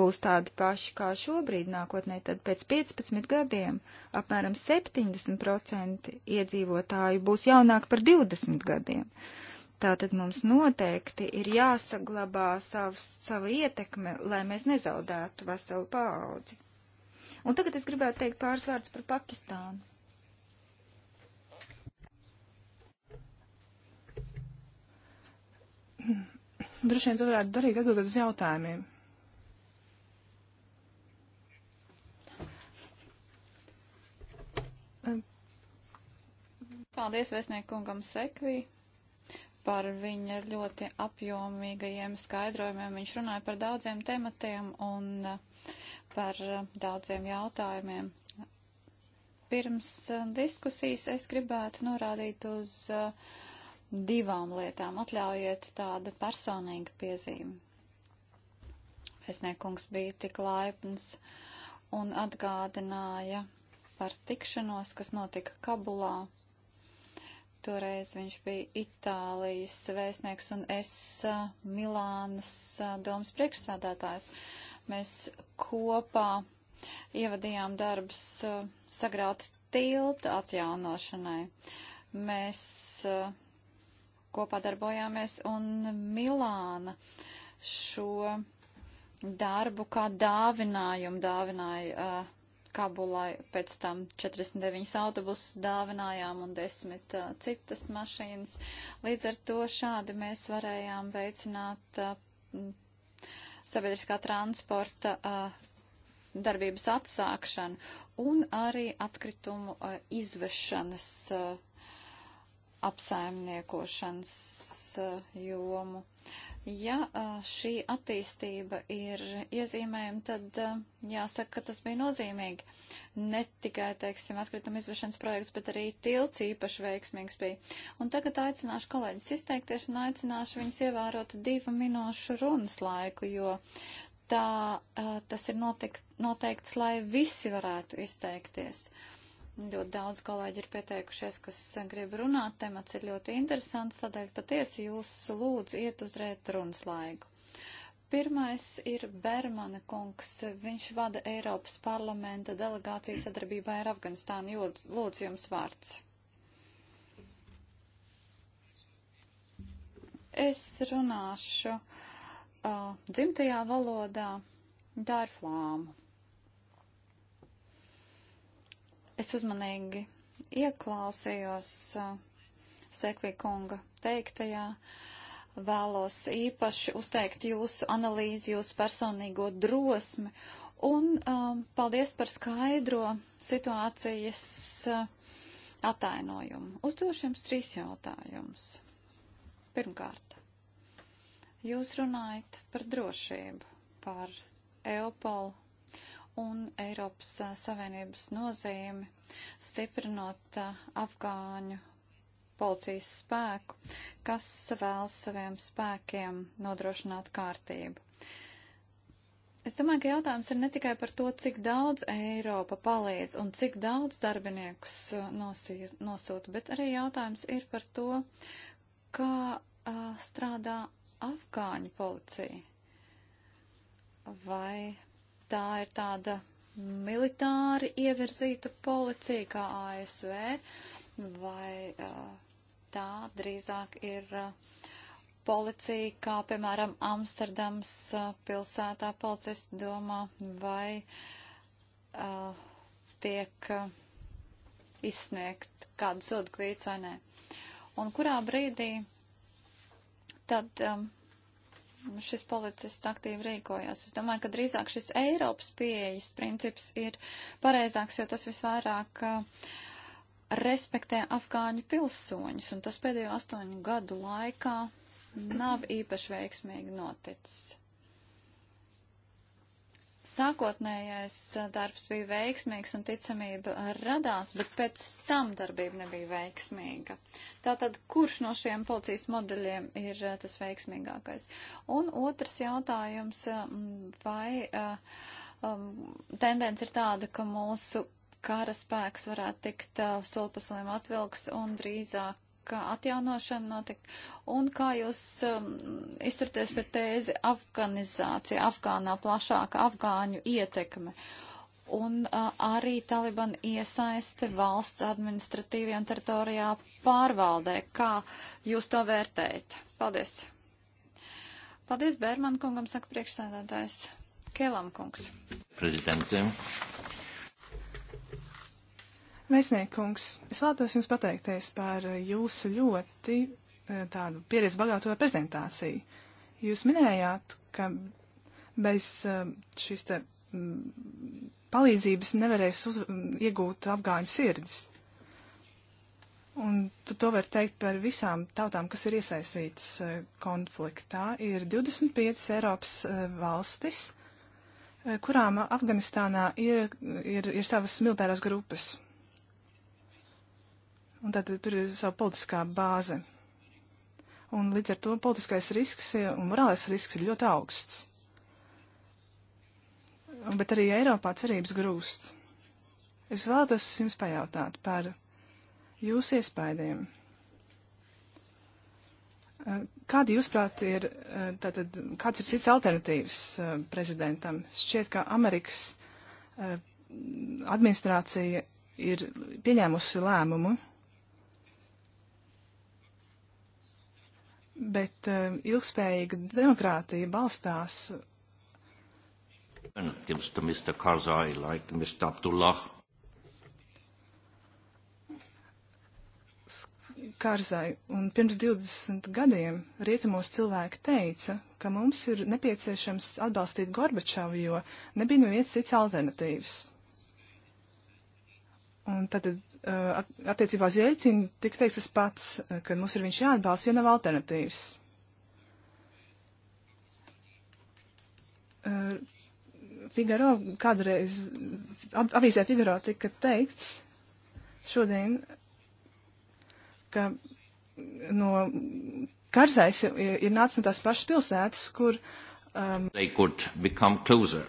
būs tādi paši kā šobrīd nākotnē, tad pēc 15 gadiem apmēram 70% iedzīvotāju būs jaunāki par 20 gadiem. Tātad mums noteikti ir jāsaglabā savs, sava ietekme, lai mēs nezaudētu veselu paudzi. Un tagad es gribētu teikt pāris vārdus par Pakistānu. Droši vien to varētu darīt atbildot uz jautājumiem. Paldies vēstniekungam Sekvī par viņa ļoti apjomīgajiem skaidrojumiem. Viņš runāja par daudziem tematiem un uh, par eh, daudziem jautājumiem. Pirms eh, diskusijas es gribētu norādīt uz eh, divām lietām. Atļaujiet tāda personīga piezīme. Vēstniekungs bija tik laipns un atgādināja par tikšanos, kas notika Kabulā. Toreiz viņš bija Itālijas vēstnieks un es Milānas domas priekšsādātājs. Mēs kopā ievadījām darbus uh, sagraut tiltu atjaunošanai. Mēs uh, kopā darbojāmies un Milāna šo darbu kā dāvinājumu dāvināja uh, Kabulai, pēc tam 49 autobusus dāvinājām un 10 uh, citas mašīnas. Līdz ar to šādi mēs varējām veicināt uh, sabiedriskā transporta uh, darbības atsākšanu un arī atkritumu uh, izvešanas uh, apsaimniekošanas jomu. Ja šī attīstība ir iezīmējama, tad jāsaka, ka tas bija nozīmīgi. Ne tikai, teiksim, atkrituma izvešanas projekts, bet arī tilts īpaši veiksmīgs bija. Un tagad aicināšu kolēģis izteikties un aicināšu viņus ievērot divu minūšu runas laiku, jo tā tas ir noteikts, noteikts lai visi varētu izteikties. Uh, Ļoti daudz kolēģi ir pieteikušies, kas grib runāt. Temats ir ļoti interesants, tādēļ patiesi jūs lūdzu iet uz rētrunas laiku. Pirmais ir Bermana kungs. Viņš vada Eiropas parlamenta delegāciju sadarbībā ar Afganistānu. Lūdzu, jums vārds. Es runāšu uh, dzimtajā valodā. Tā ir flāma. Es uzmanīgi ieklausījos uh, Sekvikunga teiktajā. Vēlos īpaši uzteikt jūsu analīzi, jūsu personīgo drosmi un um, paldies par skaidro situācijas uh, atainojumu. Uzdošu jums trīs jautājumus. Pirmkārt, jūs runājat par drošību, par Eopolu un Eiropas Savienības nozīmi, stiprinot afgāņu policijas spēku, kas vēlas saviem spēkiem nodrošināt kārtību. Es domāju, ka jautājums ir ne tikai par to, cik daudz Eiropa palīdz un cik daudz darbiniekus nosīr, nosūta, bet arī jautājums ir par to, kā uh, strādā afgāņu policija. Vai Tā ir tāda militāri ievirzīta policija kā ASV, vai tā drīzāk ir policija, kā piemēram Amsterdams pilsētā policisti domā, vai uh, tiek izsniegt kādu sodu kvīts vai nē. Un kurā brīdī tad um, šis policists aktīvi rīkojās. Es domāju, ka drīzāk šis Eiropas pieejas princips ir pareizāks, jo tas visvairāk uh, respektē afgāņu pilsoņus, un tas pēdējo astoņu gadu laikā nav īpaši veiksmīgi noticis. Sākotnējais eh, darbs bija veiksmīgs un ticamība radās, bet pēc tam darbība nebija veiksmīga. Tātad, kurš no šiem policijas modeļiem ir eh, tas veiksmīgākais? Un otrs jautājums, eh, vai um, tendence ir tāda, ka mūsu kara spēks varētu tikt uh, solpasoliem atvilks un drīzāk ka atjaunošana notika. Un kā jūs um, izturties pret tēzi afganizācija, Afgānā plašāka afgāņu ietekme? Un uh, arī Taliban iesaiste valsts administratīvajā un teritorijā pārvaldē. Kā jūs to vērtējat? Paldies. Paldies Bērman kungam, saka priekšsēdētājs. Kēlam kungs. Prezidentam. Vēstniekungs, es vēlētos jums pateikties par jūsu ļoti eh, tādu pieredzi bagāto prezentāciju. Jūs minējāt, ka bez eh, šīs te mm, palīdzības nevarēs uz, mm, iegūt afgāņu sirdis. Un tu to var teikt par visām tautām, kas ir iesaistītas uh, konfliktā. Ir 25 Eiropas uh, valstis, uh, kurām Afganistānā ir, ir, ir savas militārās grupas. Un tātad tur ir savu politiskā bāze. Un līdz ar to politiskais risks un morālais risks ir ļoti augsts. Bet arī Eiropā cerības grūst. Es vēlētos jums pajautāt par jūsu iespējām. Kādi, jūsuprāt, ir, tātad, kāds ir cits alternatīvs prezidentam? Šķiet, ka Amerikas eh, administrācija ir pieņēmusi lēmumu Bet um, ilgspējīga demokrātija balstās. Karzai, like Karzai, un pirms 20 gadiem rietumos cilvēki teica, ka mums ir nepieciešams atbalstīt Gorbačovu, jo nebija neviens nu cits alternatīvs. Un tad uh, attiecībā uz Jeļcinu tik teiks tas pats, uh, ka mums ir viņš jāatbalsta, jo nav alternatīvas. Uh, Figaro kādreiz, avīzē Figaro tika teikts šodien, ka no Karzais ir, ir nācis no tās pašas pilsētas, kur. Um, They could become closer.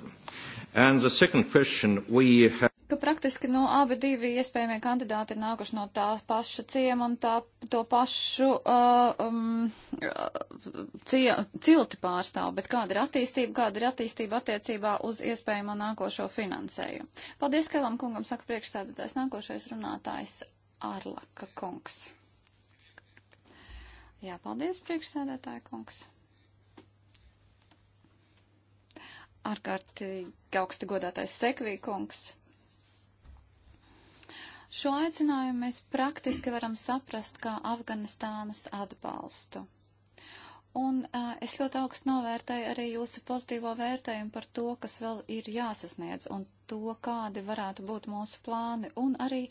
And the second question we have ka praktiski no nu, abi divi iespējamie kandidāti ir nākuši no tā paša ciema un tā, to pašu uh, um, uh, cie, cilti pārstāv, bet kāda ir attīstība, kāda ir attīstība attiecībā uz iespējamo nākošo finansējumu. Paldies, Kēlam kungam, saka priekšstādātais nākošais runātājs Arlaka kungs. Jā, paldies, priekšstādātāja kungs. Ārkārtīgi augsti godātais sekvīkungs Šo aicinājumu mēs praktiski varam saprast kā Afganistānas atbalstu. Un uh, es ļoti augstu novērtēju arī jūsu pozitīvo vērtējumu par to, kas vēl ir jāsasniedz un to, kādi varētu būt mūsu plāni. Un arī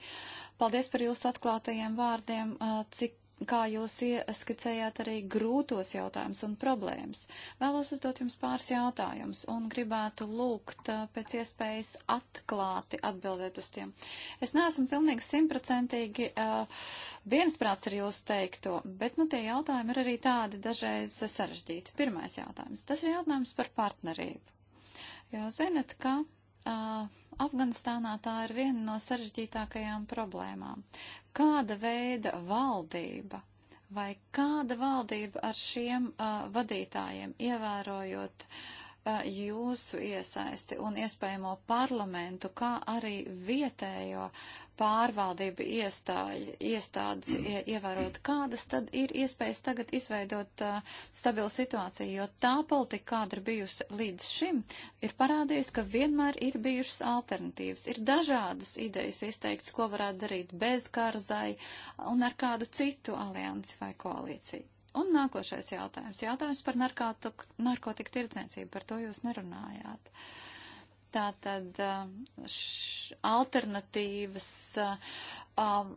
paldies par jūsu atklātajiem vārdiem, uh, cik kā jūs ieskicējāt arī grūtos jautājumus un problēmas. Vēlos uzdot jums pāris jautājumus un gribētu lūgt eh, pēc iespējas atklāti atbildēt uz tiem. Es neesmu pilnīgi simtprocentīgi uh, viensprāts ar jūsu teikto, bet nu tie jautājumi ir arī tādi dažreiz sarežģīti. Pirmais jautājums. Tas ir jautājums par partnerību. Jau zinat, ka Uh, Afganistānā tā ir viena no sarežģītākajām problēmām. Kāda veida valdība vai kāda valdība ar šiem uh, vadītājiem, ievērojot uh, jūsu iesaisti un iespējamo parlamentu, kā arī vietējo uh, pārvaldība iestāja, iestādes ievērot, kādas tad ir iespējas tagad izveidot uh, stabilu situāciju, jo tā politika, kāda ir bijusi līdz šim, ir parādījusi, ka vienmēr ir bijušas alternatīvas, ir dažādas idejas izteikts, ko varētu darīt bez karzai un ar kādu citu aliansi vai koalīciju. Un nākošais jautājums. Jautājums par narkotiku, narkotiku tirdzniecību. Par to jūs nerunājāt. Uh, Tātad um, š, alternatīvas um,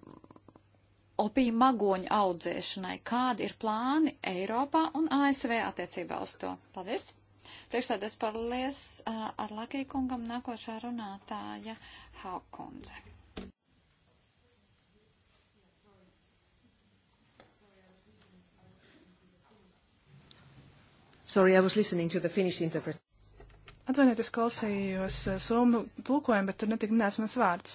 opija magoņu audzēšanai. Kādi ir plāni Eiropā un ASV attiecībā uz to? Paldies! Priekšstādēs parlies uh, ar Lakiju kungam nākošā runātāja Haukundze. Sorry, I was listening to the Finnish interpret. Atvainojiet, es klausījos eh, somu tulkojumu, bet tur netika minēts mans vārds.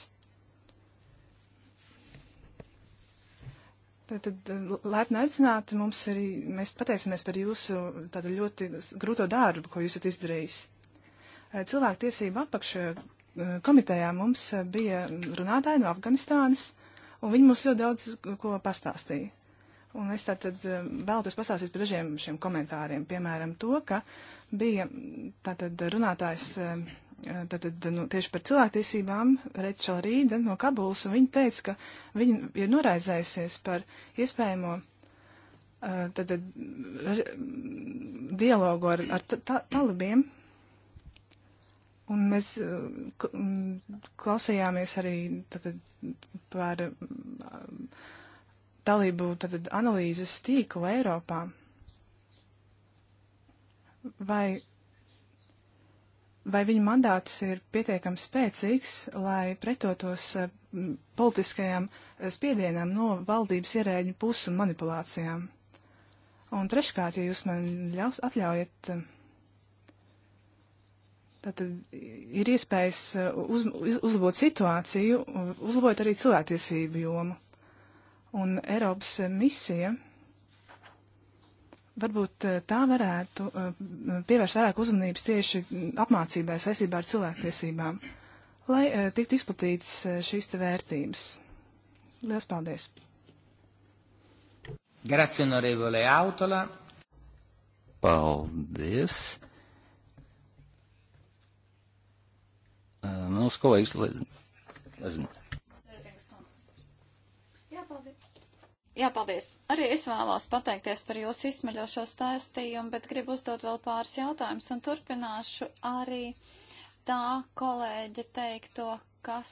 Tātad eh, laipni aicināti, mums arī, mēs pateicamies par jūsu tādu ļoti grūto darbu, ko jūs esat izdarījis. Eh, Cilvēku tiesību apakš komitejā mums bija runātāji no Afganistānas, un viņi mums ļoti daudz ko pastāstīja. Un es tātad vēlētos pastāstīt par dažiem šiem komentāriem, piemēram, to, ka uh, bija tātad runātājs eh, tātad, nu, tieši par cilvēktiesībām Rečela Rīda nu, no Kabulas, un viņa teica, ka viņa ir noraizējusies par iespējamo eh, tātad, dialogu ar, ar ta, ta, talibiem. Un mēs eh, klausījāmies arī tātad, par talību tātad, analīzes tīklu Eiropā vai, vai viņa mandāts ir pietiekami spēcīgs, lai pretotos eh, politiskajam eh, spiedienam no valdības ierēģu puses un manipulācijām. Un treškārt, ja jūs man ļaus, atļaujat, eh, tad ir iespējas uz, uz, uzlabot situāciju, uzlabot arī cilvēktiesību jomu. Un Eiropas misija Varbūt eh, tā varētu eh, pievērst vairāk uzmanības tieši mm, apmācībai saistībā ar cilvēktiesībām, lai eh, tiktu izplatītas šīs te vērtības. Lielas paldies! Grazie, onorevole Autola. Paldies! Mūsu kolēģis, lai, lai, Jā, paldies. Arī es vēlos pateikties par jūsu izsmeļošo stāstījumu, bet gribu uzdot vēl pāris jautājumus un turpināšu arī tā kolēģa teikto, kas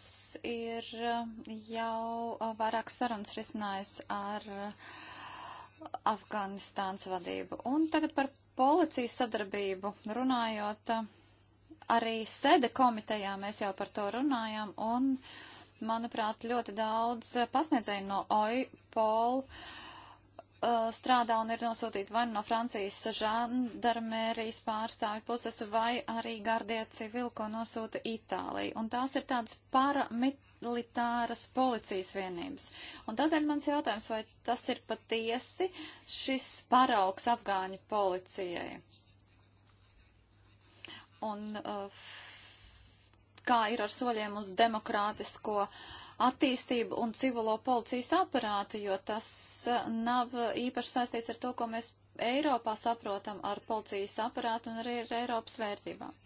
ir eh, jau eh, vairāk sarunas risinājis ar eh, Afganistānas vadību. Un tagad par policijas sadarbību runājot, arī sēde komitejā mēs jau par to runājām un. Uh, manuprāt, ļoti daudz eh, pasniedzēju no OIPOL eh, strādā un ir nosūtīti vai nu no Francijas žandarmērijas pārstāvi puses, vai arī gardie civili, ko nosūta Itālija. Un tās ir tādas paramilitāras policijas vienības. Un tādēļ mans jautājums, vai tas ir patiesi šis paraugs afgāņu policijai? Un uh, kā ir ar soļiem uz demokrātisko attīstību un civilo policijas aparātu, jo tas eh, nav īpaši saistīts ar to, ko mēs Eiropā saprotam ar policijas aparātu un arī ar Eiropas vērtībām.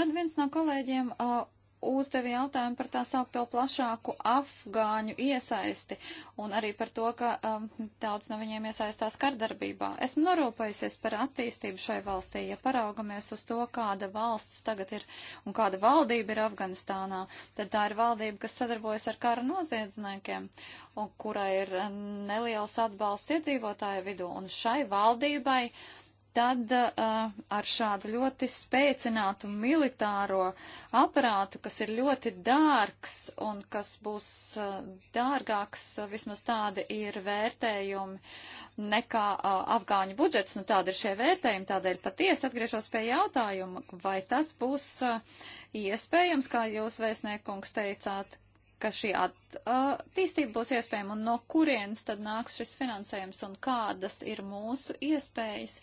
Tad viens no kolēģiem uh, uzdevi jautājumu par tā saukto plašāku afgāņu iesaisti un arī par to, ka um, daudz no viņiem iesaistās kardarbībā. Esmu norūpējusies par attīstību šai valstī, ja paraugamies uz to, kāda valsts tagad ir un kāda valdība ir Afganistānā, tad tā ir valdība, kas sadarbojas ar kara noziedzniekiem un kurai ir um, neliels atbalsts iedzīvotāju vidū. Un šai valdībai uh, tad uh, ar šādu ļoti spēcinātu militāro aparātu, kas ir ļoti dārgs un kas būs uh, dārgāks, uh, vismaz tādi ir vērtējumi nekā uh, afgāņu budžets, nu tādi ir šie vērtējumi, tādēļ patiesi atgriežos pie jautājuma, vai tas būs uh, iespējams, kā jūs vēstniekungs teicāt, ka šī uh, attīstība būs iespējama un no kurienes tad nāks šis finansējums un kādas ir mūsu iespējas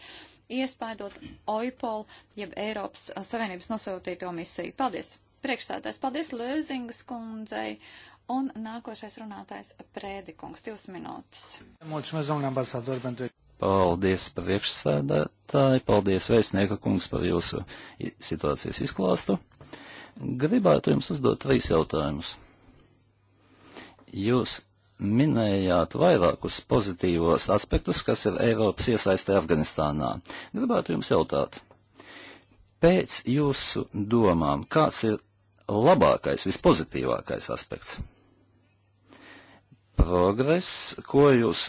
iespaidot OIPOL, jeb Eiropas Savienības nosūtīto misiju. Paldies! Priekšsētājs, paldies Lēzingas kundzei un nākošais runātājs Prēdikungs, divas minūtes. Paldies priekšsēdētāji, paldies vēstnieka kungs par jūsu situācijas izklāstu. Gribētu jums uzdot trīs jautājumus. Jūs minējāt vairākus pozitīvos aspektus, kas ir Eiropas iesaistē Afganistānā. Gribētu jums jautāt, pēc jūsu domām, kāds ir labākais, vispozitīvākais aspekts? Progress, ko jūs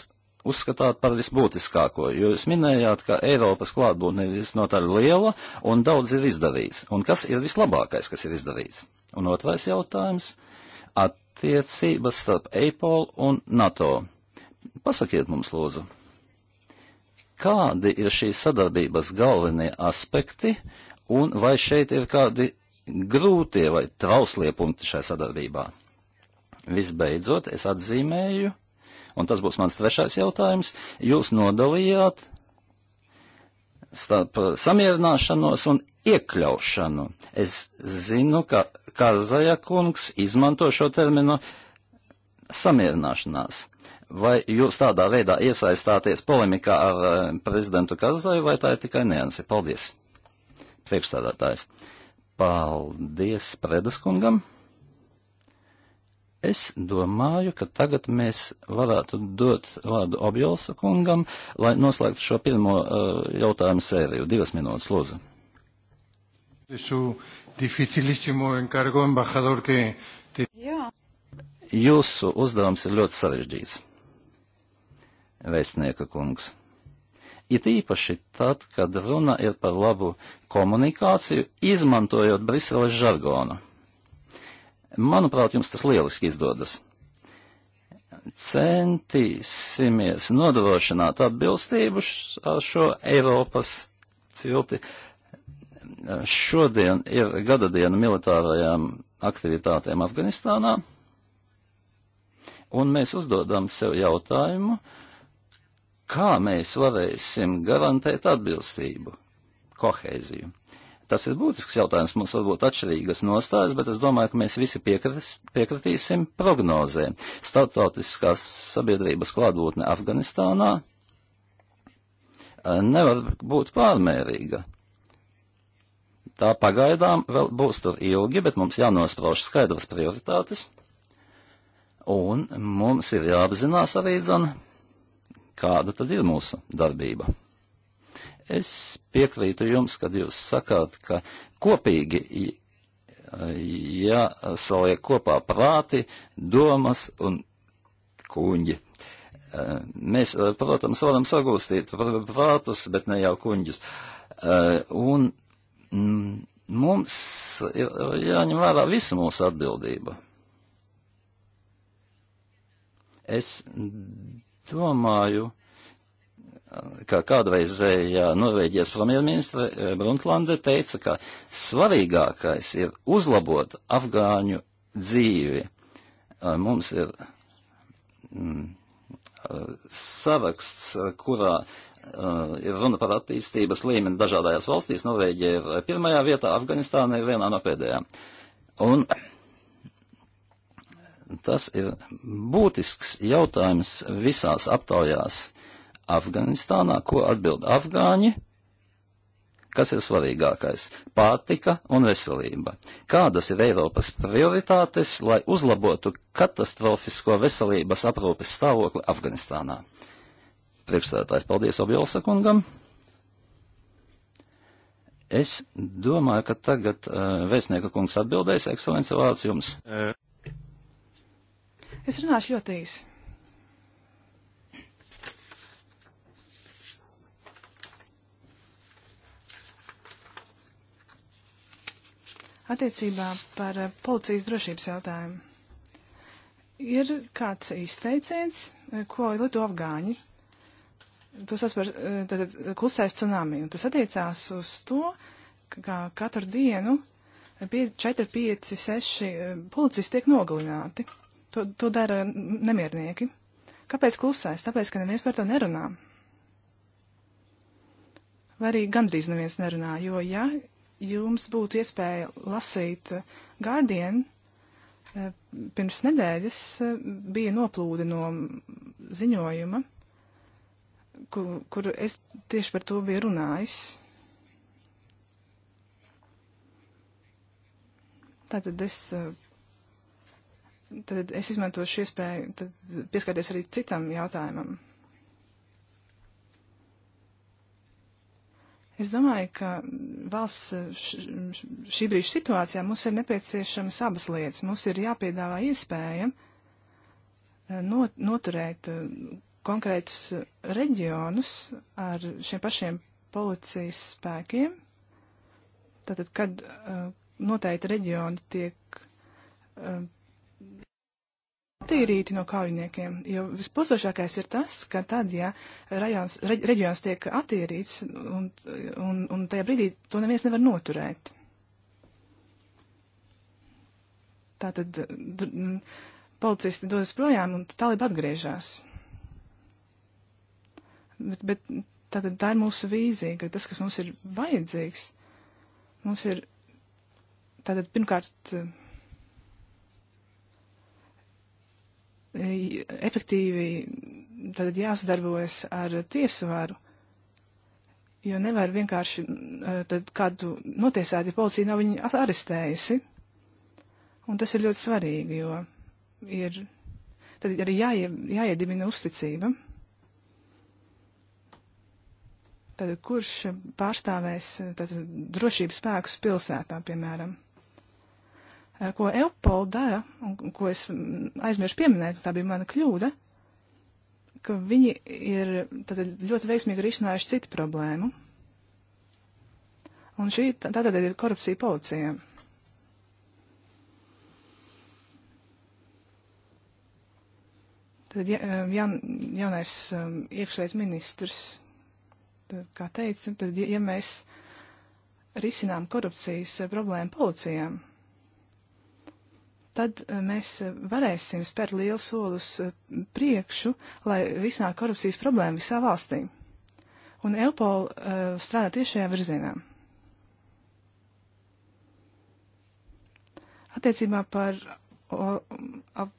uzskatāt par visbūtiskāko, jo jūs minējāt, ka Eiropas klātbūtne ir visnotaļ liela un daudz ir izdarīts. Un kas ir vislabākais, kas ir izdarīts? Un otrais jautājums. Uh, attiecības starp EIPOL un NATO. Pasakiet mums, lūdzu, kādi ir šīs sadarbības galvenie aspekti un vai šeit ir kādi grūtie vai trauslie punkti šajā sadarbībā? Visbeidzot, es atzīmēju, un tas būs mans trešais jautājums, jūs nodalījāt starp samierināšanos un iekļaušanu. Es zinu, ka Kazaja kungs izmanto šo terminu samierināšanās. Vai jūs tādā veidā iesaistāties polemikā ar uh, prezidentu Kazaju, vai tā ir tikai nianse? Paldies. Priekšstādātājs. Paldies Predas kungam. Es domāju, ka tagad mēs varētu dot vārdu Objolsa kungam, lai noslēgtu šo pirmo uh, jautājumu sēriju. Divas minūtes, lūdzu. Jā. Jūsu uzdevums ir ļoti sarežģīts, vēstnieka kungs. It īpaši tad, kad runa ir par labu komunikāciju, izmantojot Briseles žargonu. Manuprāt, jums tas lieliski izdodas centīsimies nodrošināt atbilstību ar šo Eiropas cilti šodien ir gada diena militārajām aktivitātēm Afganistānā, un mēs uzdodam sev jautājumu, kā mēs varēsim garantēt atbilstību, kohēziju. Tas ir būtisks jautājums, mums varbūt atšķirīgas nostājas, bet es domāju, ka mēs visi piekris, piekritīsim prognozēm. Startautiskās sabiedrības klātbūtne Afganistānā eh, nevar būt pārmērīga. Tā pagaidām vēl būs tur ilgi, bet mums jānosprauž skaidras prioritātes. Un mums ir jāapzinās arī, zina, kāda tad ir mūsu darbība. Es piekrītu jums, kad jūs sakāt, ka kopīgi jāsaliek ja kopā prāti, domas un kuņģi. Mēs, protams, varam sagūstīt prātus, bet ne jau kuņģus. Un Mums ir jāņem vērā visa mūsu atbildība. Es domāju, kā kādreizējā Norvēģijas premjerministra eh, Bruntlande teica, ka svarīgākais ir uzlabot afgāņu dzīvi. Eh, mums ir mm, eh, saraksts, kurā uh, ir runa par attīstības līmeni dažādajās valstīs. Norvēģija ir uh, pirmajā vietā, Afganistāna ir vienā no pēdējām. Un tas ir būtisks jautājums visās aptaujās Afganistānā, ko atbild afgāņi. Kas ir svarīgākais? Pārtika un veselība. Kādas ir Eiropas prioritātes, lai uzlabotu katastrofisko veselības aprūpes stāvokli Afganistānā? Priekšstādātājs, paldies Obielsa kungam. Es domāju, ka tagad uh, vēstnieka kungs atbildēs, ekscelence vārds jums. Es runāšu ļoti īsi. Attiecībā par uh, policijas drošības jautājumu. Ir kāds izteiciens, uh, ko lieto afgāņi, to sauc par eh, tātad, klusais tsunami. Un tas attiecās uz to, ka katru dienu 4, 5, 6 policisti tiek nogalināti. To, to dara nemiernieki. Kāpēc klusais? Tāpēc, ka neviens par to nerunā. Vai arī gandrīz neviens nerunā, jo ja jums būtu iespēja lasīt eh, Guardian, eh, pirms nedēļas bija noplūde no ziņojuma kur, kur es tieši par to biju runājis. Tātad es, tad es izmantošu iespēju pieskarties arī citam jautājumam. Es domāju, ka valsts šī brīža situācijā mums ir nepieciešamas abas lietas. Mums ir jāpiedāvā iespēja not, noturēt konkrētus eh, reģionus ar šiem pašiem policijas spēkiem. Tātad, kad uh, noteikti reģioni tiek uh, attīrīti no kaujiniekiem, jo vispozošākais ir tas, ka tad, ja rajons, re, reģions tiek attīrīts, un, un, un tajā brīdī to neviens nevar noturēt. Tātad mm, policisti dodas projām, un talība atgriežas. Bet, bet tātad tā ir mūsu vīzija, ka tas, kas mums ir vajadzīgs, mums ir tātad pirmkārt eh, efektīvi tātad jāsadarbojas ar tiesu varu, jo nevar vienkārši eh, tad kādu notiesāt, ja policija nav viņu arestējusi. Un tas ir ļoti svarīgi, jo ir tad arī jāie, jāiedibina uzticība. tad, kurš pārstāvēs tad, drošības spēkus pilsētā, piemēram. Ko Eupol dara, un ko es aizmirsu pieminēt, tā bija mana kļūda, ka viņi ir tad, ļoti veiksmīgi risinājuši citu problēmu. Un šī tātad ir korupcija policijām. Tad ja, jaun, jaunais um, iekšlietu ministrs kā teicu, tad, ja mēs risinām korupcijas eh, problēmu policijām, tad eh, mēs eh, varēsim spērt liels solus priekšu, lai risinātu korupcijas problēmu visā valstī. Un Elpol uh, strādā tieši šajā virzienā. Attiecībā par o, af,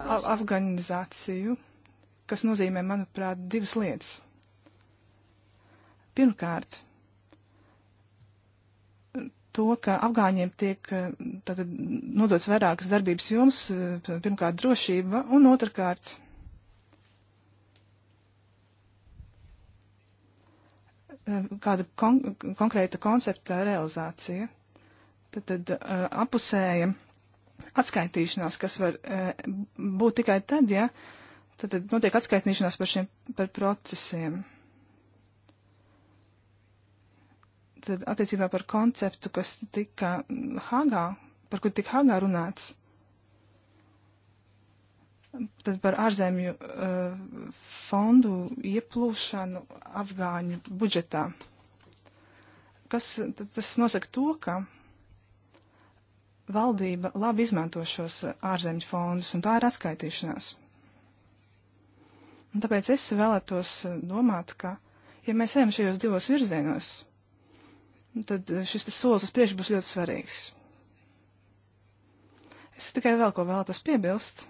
af, afganizāciju, kas nozīmē, manuprāt, divas lietas. Pirmkārt, to, ka afgāņiem tiek eh, tātad, nodots vairākas darbības jums, eh, pirmkārt drošība un otrkārt eh, kāda kon konkrēta koncepta realizācija. Tad, tad apusēja atskaitīšanās, kas var būt tikai tad, ja tad, tad notiek atskaitīšanās par šiem par procesiem. tad attiecībā par konceptu, kas tika Hāgā, par kur tika Hāgā runāts, tad par ārzemju uh, fondu ieplūšanu afgāņu budžetā. Kas, tad, tas nosaka to, ka valdība labi izmanto šos ārzemju fondus, un tā ir atskaitīšanās. Un tāpēc es vēlētos domāt, ka, ja mēs ejam šajos divos virzienos, tad eh, šis solis uz priekšu būs ļoti svarīgs. Es tikai vēl ko vēlētos piebilst.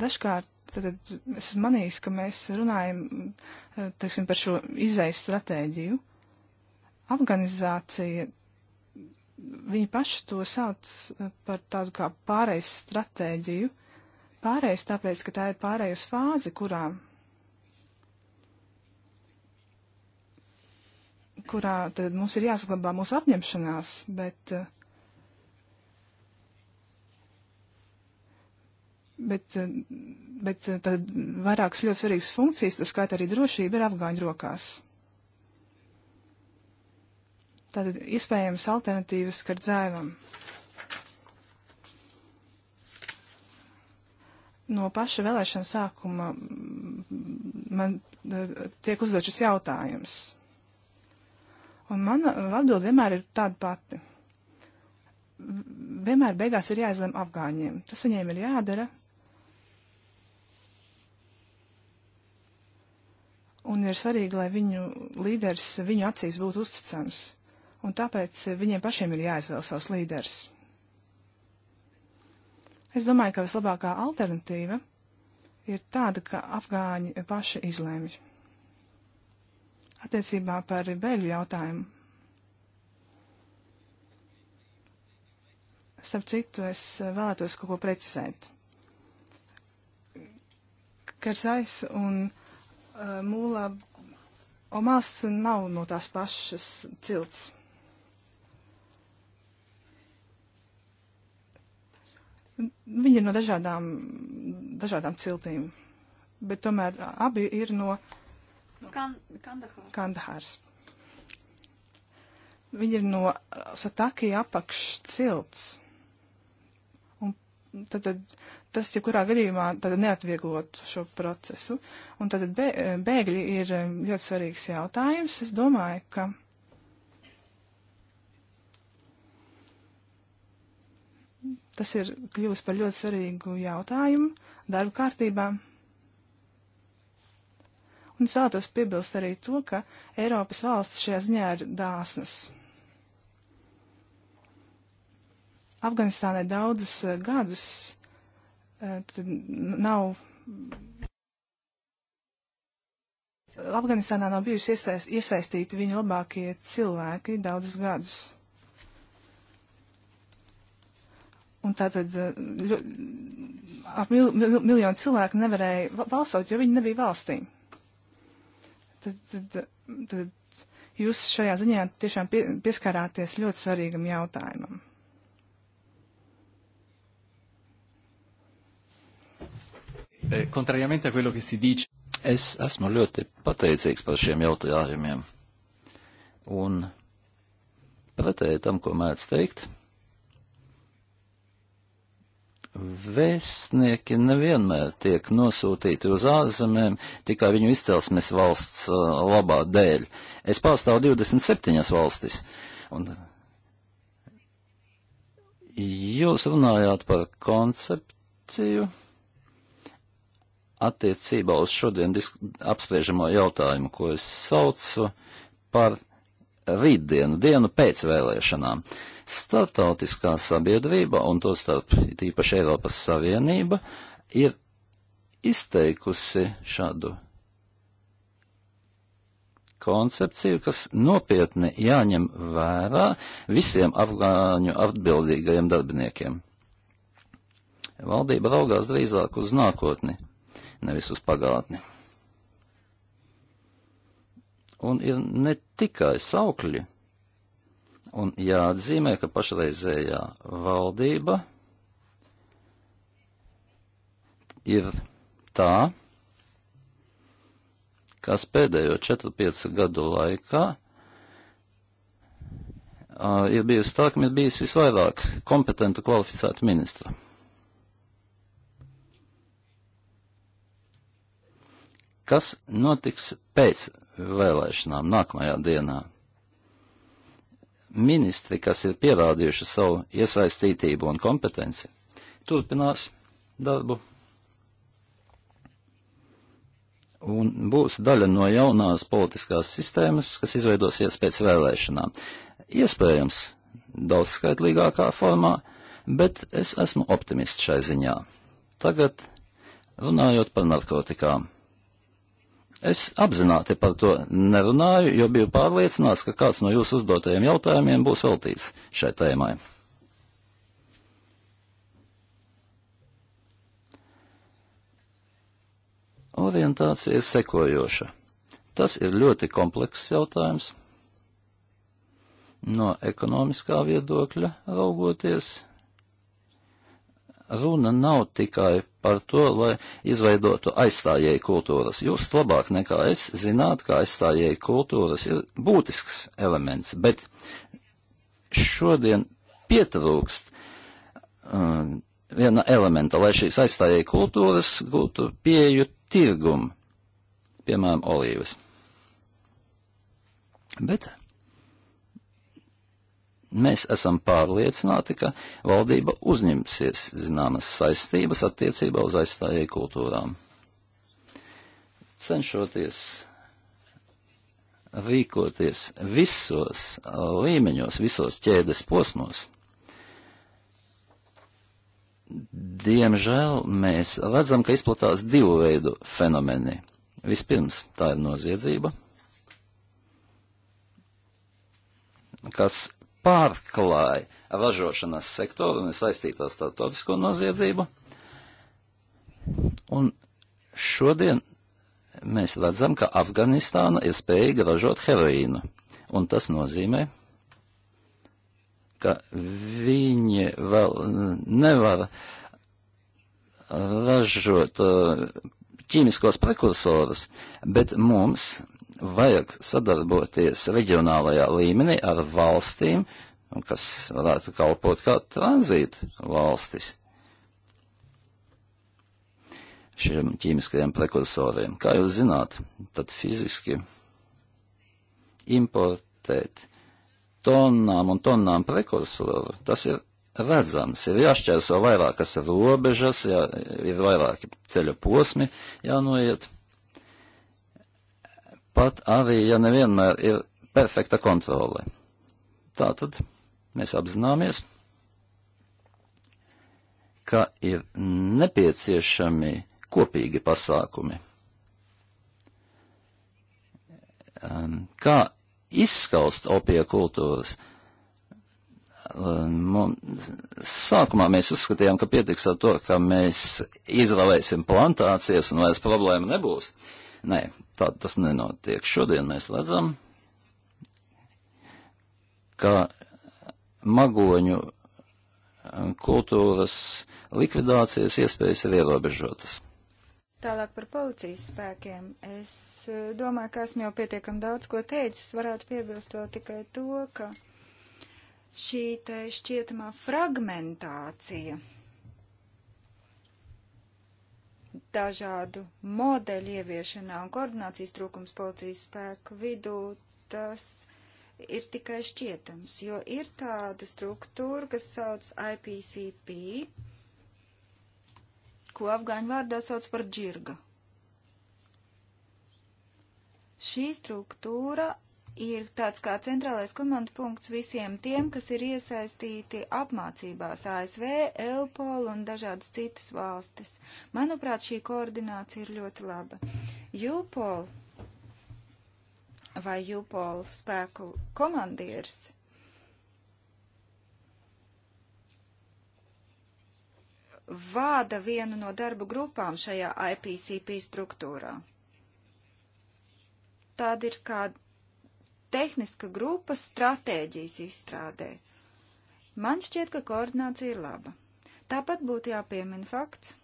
Dažkārt tad es manīju, ka mēs runājam eh, teiksim, par šo izējas stratēģiju. Afganizācija, viņi paši to sauc eh, par tādu kā pārejas stratēģiju pārējais, tāpēc, ka tā ir pārējais fāze, kurā, kurā tad mums ir jāsaglabā mūsu apņemšanās, bet, bet, bet tad vairākas ļoti svarīgas funkcijas, tas skait arī drošība, ir afgāņu rokās. Tātad iespējams alternatīvas kardzēvam. dzēvam. no paša vēlēšana sākuma mm, man e, tiek uzdot šis jautājums. Un mana atbilde vienmēr ir tāda pati. Vienmēr beigās ir jāizlem afgāņiem. Tas viņiem ir jādara. Un ir svarīgi, lai viņu līderis viņu acīs būtu uzticams. Un tāpēc viņiem pašiem ir jāizvēl savs līderis. Es domāju, ka vislabākā alternatīva ir tāda, ka afgāņi paši izlēmj. Attiecībā par bēgļu jautājumu. Starp citu, es vēlētos kaut ko precizēt. Karzais un uh, Mūla Omals nav no tās pašas cilts. Viņi ir no dažādām, dažādām ciltīm, bet tomēr abi ir no kan Kandahārs. Kandahārs. Viņi ir no Sataki apakšcilts. Un tad, tad tas, ja kurā gadījumā, tad neatvieglot šo procesu. Un tad bē, bēgļi ir ļoti svarīgs jautājums. Es domāju, ka Tas ir kļuvis par ļoti svarīgu jautājumu darba kārtībā. Un es vēlētos piebilst arī to, ka Eiropas valsts šajā ziņā ir dāsnas. Afganistānai daudzus uh, gadus uh, nav. Afganistānā nav bijuši iesaistīti viņu labākie cilvēki daudzus gadus. Un tātad eh, ļu, ap mil, mil, miljonu cilvēku nevarēja balsot, jo viņi nebija valstī. Tad, tad, tad jūs šajā ziņā tiešām pie, pieskarāties ļoti svarīgam jautājumam. Eh, contrariamente a quello che si dice. Es esmu ļoti pateicīgs par šiem jautājumiem. Un pretēji tam, ko mēdz teikt, Vēstnieki nevienmēr tiek nosūtīti uz ārzemēm tikai viņu izcelsmes valsts uh, labā dēļ. Es pārstāvu 27 valstis. Un jūs runājāt par koncepciju attiecībā uz šodien apspriežamo jautājumu, ko es saucu par rītdienu, dienu pēc vēlēšanām. Uh, Startautiskā sabiedrība, un to starp tīpaši Eiropas Savienība, ir izteikusi šādu koncepciju, kas nopietni jāņem vērā visiem afgāņu atbildīgajiem darbiniekiem. Valdība raugās drīzāk uz nākotni, nevis uz pagātni. Un ir ne tikai saukļi, Un jāatzīmē, ka pašreizējā valdība ir tā, kas pēdējo 4-5 gadu laikā uh, ir bijusi tā, kam ir bijis visvairāk kompetentu kvalificētu ministru. Kas notiks pēc vēlēšanām nākamajā dienā? ministri, kas ir pierādījuši savu iesaistītību un kompetenci, turpinās darbu un būs daļa no jaunās politiskās sistēmas, kas izveidosies pēc vēlēšanām. Iespējams, daudzskaitlīgākā formā, bet es esmu optimists šai ziņā. Tagad runājot par narkotikām. Es apzināti par to nerunāju, jo biju pārliecināts, ka kāds no jūsu uzdotajiem jautājumiem būs veltīts šai tēmai. Orientācija ir sekojoša. Tas ir ļoti komplekss jautājums. No ekonomiskā viedokļa raugoties, runa nav tikai par to, lai izveidotu aizstājēju kultūras. Jūs labāk nekā es zināt, ka aizstājēju kultūras ir būtisks elements, bet šodien pietrūkst um, viena elementa, lai šīs aizstājēju kultūras gūtu pieju tirgumu, piemēram, olīvas. Bet Mēs esam pārliecināti, ka valdība uzņemsies zināmas saistības attiecībā uz aizstājēju kultūrām. Cenšoties rīkoties visos līmeņos, visos ķēdes posmos, diemžēl mēs redzam, ka izplatās divu veidu fenomeni. Vispirms tā ir noziedzība, kas pārklāja ražošanas sektoru un saistīto starptautisko noziedzību. Un šodien mēs redzam, ka Afganistāna ir spējīga ražot heroīnu. Un tas nozīmē, ka viņi vēl nevar ražot uh, ķīmiskos prekursorus, bet mums vajag sadarboties reģionālajā līmenī ar valstīm, kas varētu kalpot kā tranzīta valstis šiem ķīmiskajiem prekursoriem. Kā jūs zināt, tad fiziski importēt tonnām un tonnām prekursoru, tas ir redzams, ir jāšķērso vairākas robežas, jā, ir vairāki ceļa posmi jānoiet pat arī, ja nevienmēr ir perfekta kontrole. Tātad mēs apzināmies, ka ir nepieciešami kopīgi pasākumi. Um, kā izskaust opie kultūras? Um, Mums, sākumā mēs uzskatījām, ka pietiks ar to, ka mēs izvēlēsim plantācijas un vairs problēma nebūs. Nē, tā tas nenotiek. Šodien mēs redzam, ka magoņu eh, kultūras likvidācijas iespējas ir ierobežotas. Tālāk par policijas spēkiem. Es eh, domāju, ka esmu jau pietiekam daudz ko teicis. Varētu piebilst vēl tikai to, ka šī te šķietamā fragmentācija dažādu modeļu ieviešanā un koordinācijas trūkums policijas spēku vidū, tas ir tikai šķietams, jo ir tāda struktūra, kas sauc IPCP, ko afgāņu vārdā sauc par džirga. Šī struktūra ir tāds kā centrālais komandu punkts visiem tiem, kas ir iesaistīti apmācībās ASV, Eupol un dažādas citas valstis. Manuprāt, šī koordinācija ir ļoti laba. Eupol vai Eupol spēku komandieris. Vāda vienu no darbu grupām šajā IPCP struktūrā. Tāda ir kāda tehniska grupa stratēģijas izstrādē. Man šķiet, ka koordinācija ir laba. Tāpat būtu jāpiemina fakts,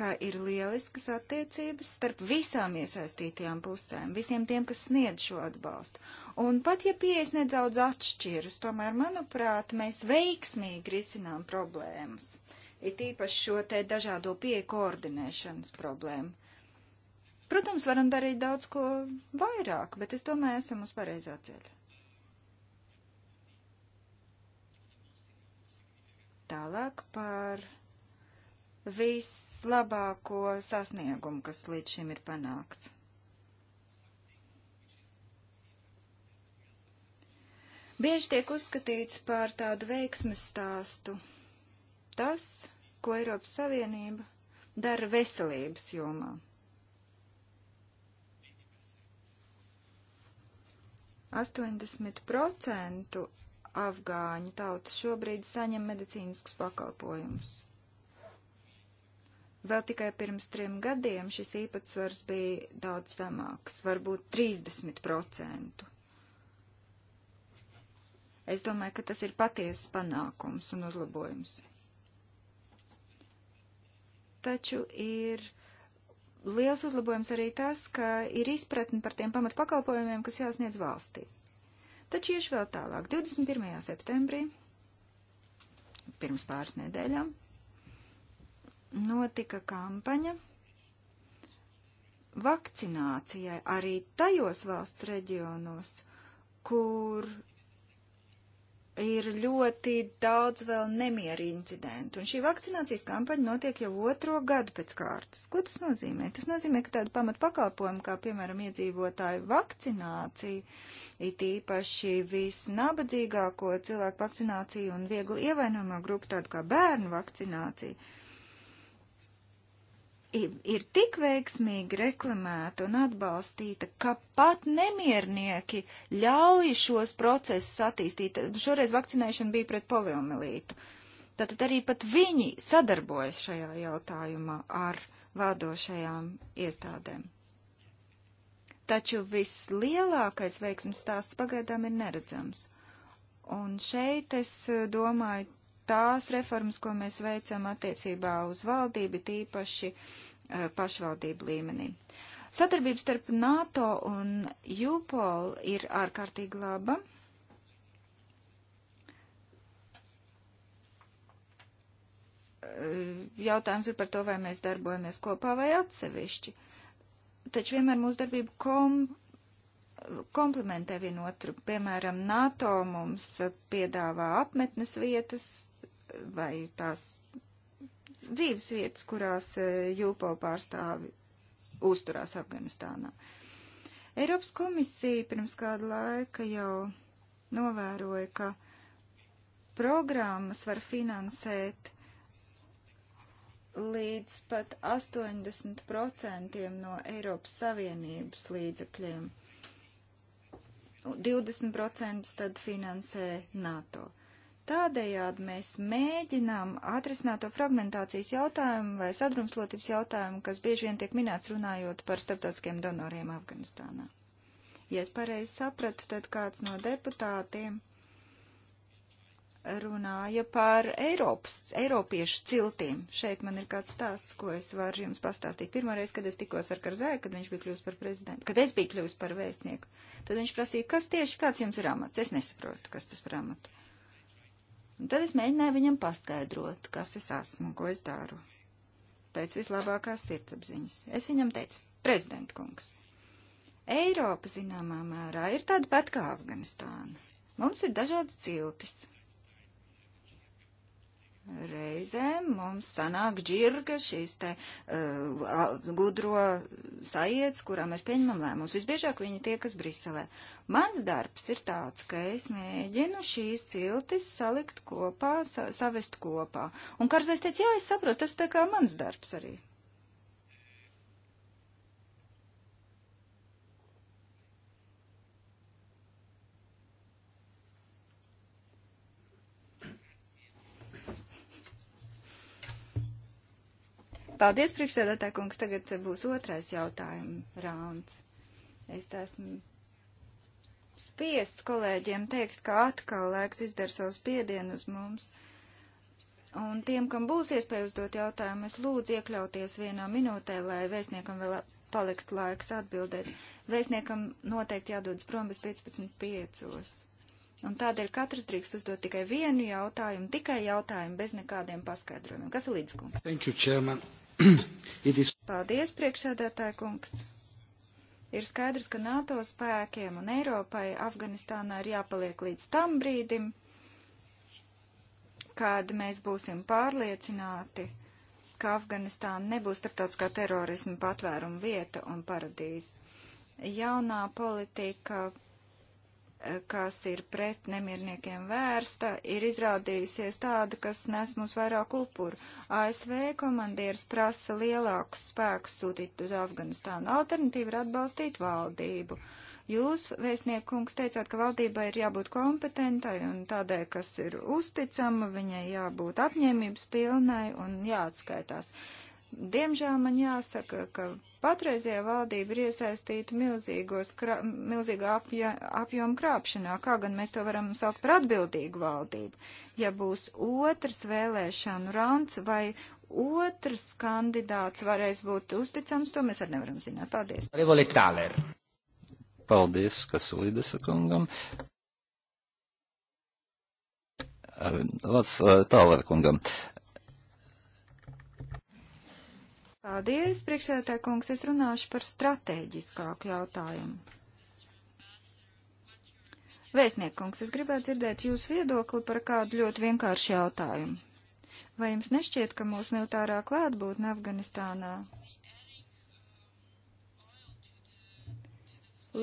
ka ir lieliskas attiecības starp visām iesaistītajām pusēm, visiem tiem, kas sniedz šo atbalstu. Un pat ja pieejas nedaudz atšķiras, tomēr, manuprāt, mēs veiksmīgi risinām problēmas. Ir tīpaši šo te dažādo pieeja koordinēšanas problēmu. Protams, varam darīt daudz ko vairāk, bet es domāju, esam uz pareizā ceļa. Tālāk par vislabāko sasniegumu, kas līdz šim ir panākts. Bieži tiek uzskatīts par tādu veiksmes stāstu tas, ko Eiropas Savienība dara veselības jomā. 80% afgāņu tautas šobrīd saņem medicīniskus pakalpojumus. Vēl tikai pirms trim gadiem šis īpatsvars bija daudz zemāks, varbūt 30%. Es domāju, ka tas ir patiesas panākums un uzlabojums. Taču ir liels uzlabojums arī tas, ka ir izpratni par tiem pamatpakalpojumiem, kas jāsniedz valstī. Taču iešu vēl tālāk. 21. septembrī, pirms pāris nedēļām, notika kampaņa vakcinācijai arī tajos valsts reģionos, kur ir ļoti daudz vēl nemieru incidentu. Un šī vakcinācijas kampaņa notiek jau otro gadu pēc kārtas. Ko tas nozīmē? Tas nozīmē, ka tāda pamata pakalpojuma, kā piemēram iedzīvotāju vakcinācija, it īpaši visnabadzīgāko cilvēku vakcinācija un viegli ievainojumā grupu tādu kā bērnu vakcinācija, ir tik veiksmīgi reklamēta un atbalstīta, ka pat nemiernieki ļauj šos procesus attīstīt. Šoreiz vakcinēšana bija pret poliomielītu. Tātad arī pat viņi sadarbojas šajā jautājumā ar vadošajām iestādēm. Taču vislielākais veiksmes stāsts pagaidām ir neredzams. Un šeit es domāju tās reformas, ko mēs veicam attiecībā uz valdību, tīpaši eh, pašvaldību līmenī. Sadarbība starp NATO un JUPOL ir ārkārtīgi laba. Eh, jautājums ir par to, vai mēs darbojamies kopā vai atsevišķi. Taču vienmēr mūsu darbība kom komplementē vienotru. Piemēram, NATO mums piedāvā apmetnes vietas, vai tās dzīves vietas, kurās eh, Jūpola pārstāvi uzturās Afganistānā. Eiropas komisija pirms kādu laika jau novēroja, ka programmas var finansēt līdz pat 80% no Eiropas Savienības līdzekļiem. 20% tad finansē NATO. Tādējādi mēs mēģinām atrisināt to fragmentācijas jautājumu vai sadrumslotības jautājumu, kas bieži vien tiek minēts runājot par starptautiskiem donoriem Afganistānā. Ja es pareizi sapratu, tad kāds no deputātiem runāja par Eiropas, Eiropiešu ciltīm. Šeit man ir kāds stāsts, ko es varu jums pastāstīt. Pirmoreiz, kad es tikos ar Karzēju, kad viņš bija kļuvis par prezidentu, kad es biju kļuvis par vēstnieku, tad viņš prasīja, kas tieši, kāds jums ir amats. Es nesaprotu, kas tas par amatu. Un tad es mēģināju viņam paskaidrot, kas es esmu un ko es daru. Pēc vislabākās sirdsapziņas. Es viņam teicu, prezident kungs, Eiropa zināmā mērā ir tāda pat kā Afganistāna. Mums ir dažādas ciltis reizēm mums sanāk džirga šīs te uh, gudro sajēdz, kurā mēs pieņemam lēmumus. Visbiežāk viņi tie, kas Briselē. Mans darbs ir tāds, ka es mēģinu šīs ciltis salikt kopā, sa savest kopā. Un karzēs teica, jā, es saprotu, tas tā kā mans darbs arī. Paldies, priekšsēdētāj kungs. Tagad būs otrais jautājuma rauns. Es esmu spiests kolēģiem teikt, ka atkal laiks izdara savu spiedienu uz mums. Un tiem, kam būs iespēja uzdot jautājumu, es lūdzu iekļauties vienā minūtē, lai vēstniekam vēl palikt laiks atbildēt. Vēstniekam noteikti jādodas prom bez 15.5. Un tādēļ katrs drīkst uzdot tikai vienu jautājumu, tikai jautājumu bez nekādiem paskaidrojumiem. Kas ir līdzskums? Thank you, chairman is... Paldies, priekšsēdētāja kungs. Ir skaidrs, ka NATO spēkiem un Eiropai Afganistānā ir jāpaliek līdz tam brīdim, kad mēs būsim pārliecināti, ka Afganistāna nebūs starptautiskā terorisma patvēruma vieta un paradīze. Jaunā politika kas ir pret nemierniekiem vērsta, ir izrādījusies tāda, kas nes mums vairāk upuru. ASV komandieris prasa lielākus spēkus sūtīt uz Afganistānu. Alternatīva ir atbalstīt valdību. Jūs, vēstniekungs, teicāt, ka valdībai ir jābūt kompetentai un tādai, kas ir uzticama, viņai jābūt apņēmības pilnai un jāatskaitās. Diemžēl man jāsaka, ka Patreizajā valdība ir iesaistīta milzīgos, krā, milzīgā apja, apjoma krāpšanā, kā gan mēs to varam saukt par atbildīgu valdību. Ja būs otrs vēlēšanu rauns vai otrs kandidāts varēs būt uzticams, to mēs arī nevaram zināt. Paldies. Paldies, Kasulides kungam. Vārds Tālēr kungam. Paldies, priekšsēdētāj kungs, es runāšu par strateģiskāku jautājumu. Vēstniekungs, es gribētu dzirdēt jūsu viedokli par kādu ļoti vienkāršu jautājumu. Vai jums nešķiet, ka mūsu militārā klātbūtne Afganistānā,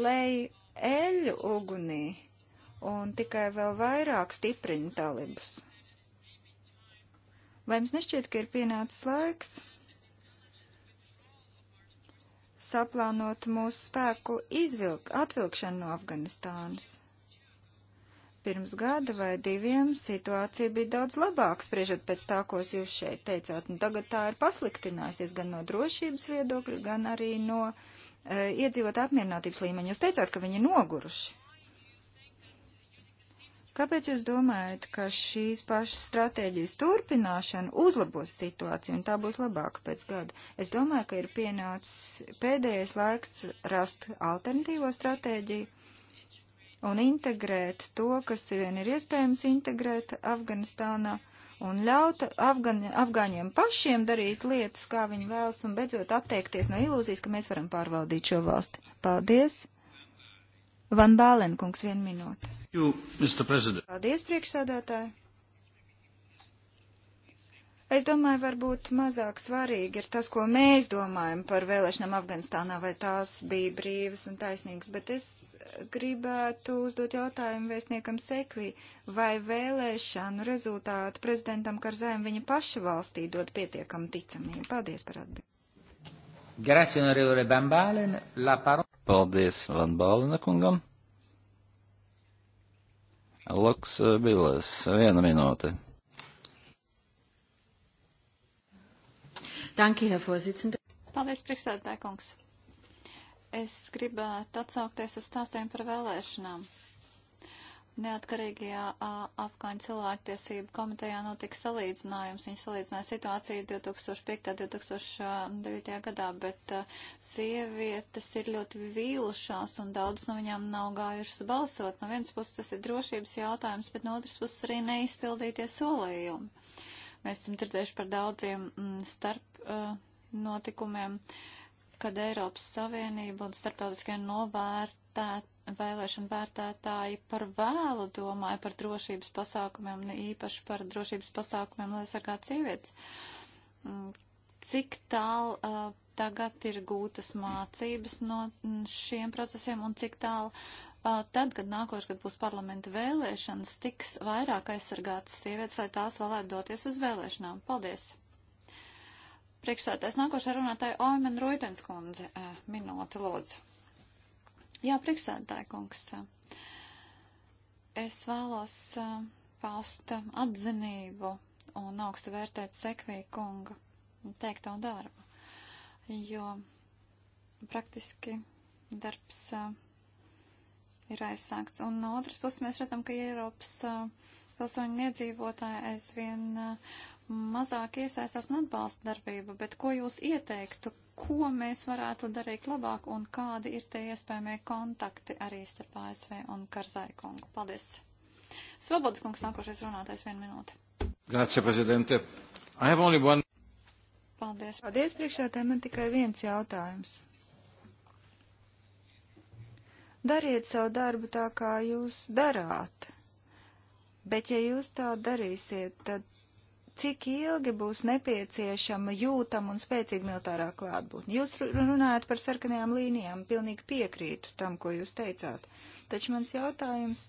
lai eļu ugunī un tikai vēl vairāk stiprina talibus? Vai jums nešķiet, ka ir pienācis laiks? saplānot mūsu spēku izvilk, atvilkšanu no Afganistānas. Pirms gada vai diviem situācija bija daudz labāka, spriežot pēc tā, ko jūs šeit teicāt. Un nu, tagad tā ir pasliktinājusies gan no drošības viedokļa, gan arī no e, iedzīvot apmierinātības līmeņa. Jūs teicāt, ka viņi noguruši. Kāpēc jūs domājat, ka šīs pašas stratēģijas turpināšana uzlabos situāciju un tā būs labāka pēc gada? Es domāju, ka ir pienācis pēdējais laiks rast alternatīvo stratēģiju un integrēt to, kas vien ir iespējams integrēt Afganistānā un ļaut Afgani, afgāņiem pašiem darīt lietas, kā viņi vēlas, un beidzot atteikties no ilūzijas, ka mēs varam pārvaldīt šo valsti. Paldies! Van Bālen kungs, vien minūte. You, Paldies, priekšsēdētāji. Es domāju, varbūt mazāk svarīgi ir tas, ko mēs domājam par vēlēšanām Afganistānā, vai tās bija brīvas un taisnīgas, bet es gribētu uzdot jautājumu vēstniekam Sekvī, vai vēlēšanu rezultātu prezidentam Karzēm viņa paša valstī dod pietiekamu ticamību. Paldies par atbildi. Grazie, onorevole Van Balen. La parola. Paldies Van Bālina kungam. Laks eh, Bilēs, viena minūte. Danke, Herr Vorsitzende. Paldies, priekšstādātāj kungs. Es gribētu atsaukties uz stāstījumu par vēlēšanām. Neatkarīgajā Afgāņu cilvēktiesību komitejā notika salīdzinājums. Viņi salīdzināja situāciju 2005.-2009. gadā, bet a, sievietes ir ļoti vīlušās un daudz no viņām nav gājušas balsot. No vienas puses tas ir drošības jautājums, bet no otras puses arī neizpildītie solījumi. Mēs esam dzirdējuši par daudziem m, starp uh, notikumiem. Uh, kad Eiropas Savienība un starptautiskie novērtēt, vēlēšana vērtētāji par vēlu domāja par drošības pasākumiem, ne īpaši par drošības pasākumiem, lai sargātu sievietes. Mm, cik tālu uh, tagad ir gūtas mācības no mm, šiem procesiem un cik tālu uh, tad, kad nākošais, kad būs parlamenta vēlēšanas, tiks vairāk aizsargātas sievietes, lai tās vēlētu doties uz vēlēšanām. Paldies! Priekšsēdētājs nākošā runātāja Oimen Ruitens kundze. Minūte, lūdzu. Jā, priekšsēdētāja kungs. Es vēlos paust atzinību un augstu vērtēt sekviju kunga teikto darbu, jo praktiski darbs ir aizsākts. Un no otras puses mēs redzam, ka Eiropas uh, pilsoņu iedzīvotāji aizvien uh, mazāk iesaistās un atbalsta darbību, bet ko jūs ieteiktu, ko mēs varētu darīt labāk un kādi ir tie iespējamie kontakti arī starp ASV un Karzaikungu? Paldies! Svobodas kungs nākošais runātais vienu minūti. Grazie, prezidente. I have only one. Paldies. Paldies, priekšētāji, man tikai viens jautājums. Dariet savu darbu tā, kā jūs darāt Bet ja jūs tā darīsiet, tad cik ilgi būs nepieciešama jūtama un spēcīga militārā klātbūtne. Jūs runājat par sarkanajām līnijām, pilnīgi piekrītu tam, ko jūs teicāt. Taču mans jautājums,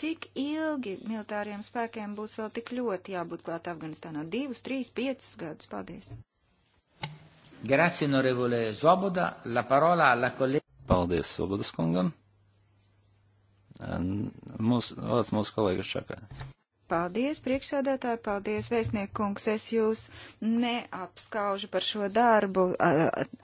cik ilgi militāriem spēkiem būs vēl tik ļoti jābūt klāt Afganistānā? Divus, trīs, piecus gadus. Paldies. Grazie, Norevole Svoboda. La parola alla kolēģa. Paldies, Svobodas kungam. Mūsu, vārds mūsu kolēģis šakā. Paldies, priekšsēdētāji, paldies, vēstniekungs. Es jūs neapskaužu par šo darbu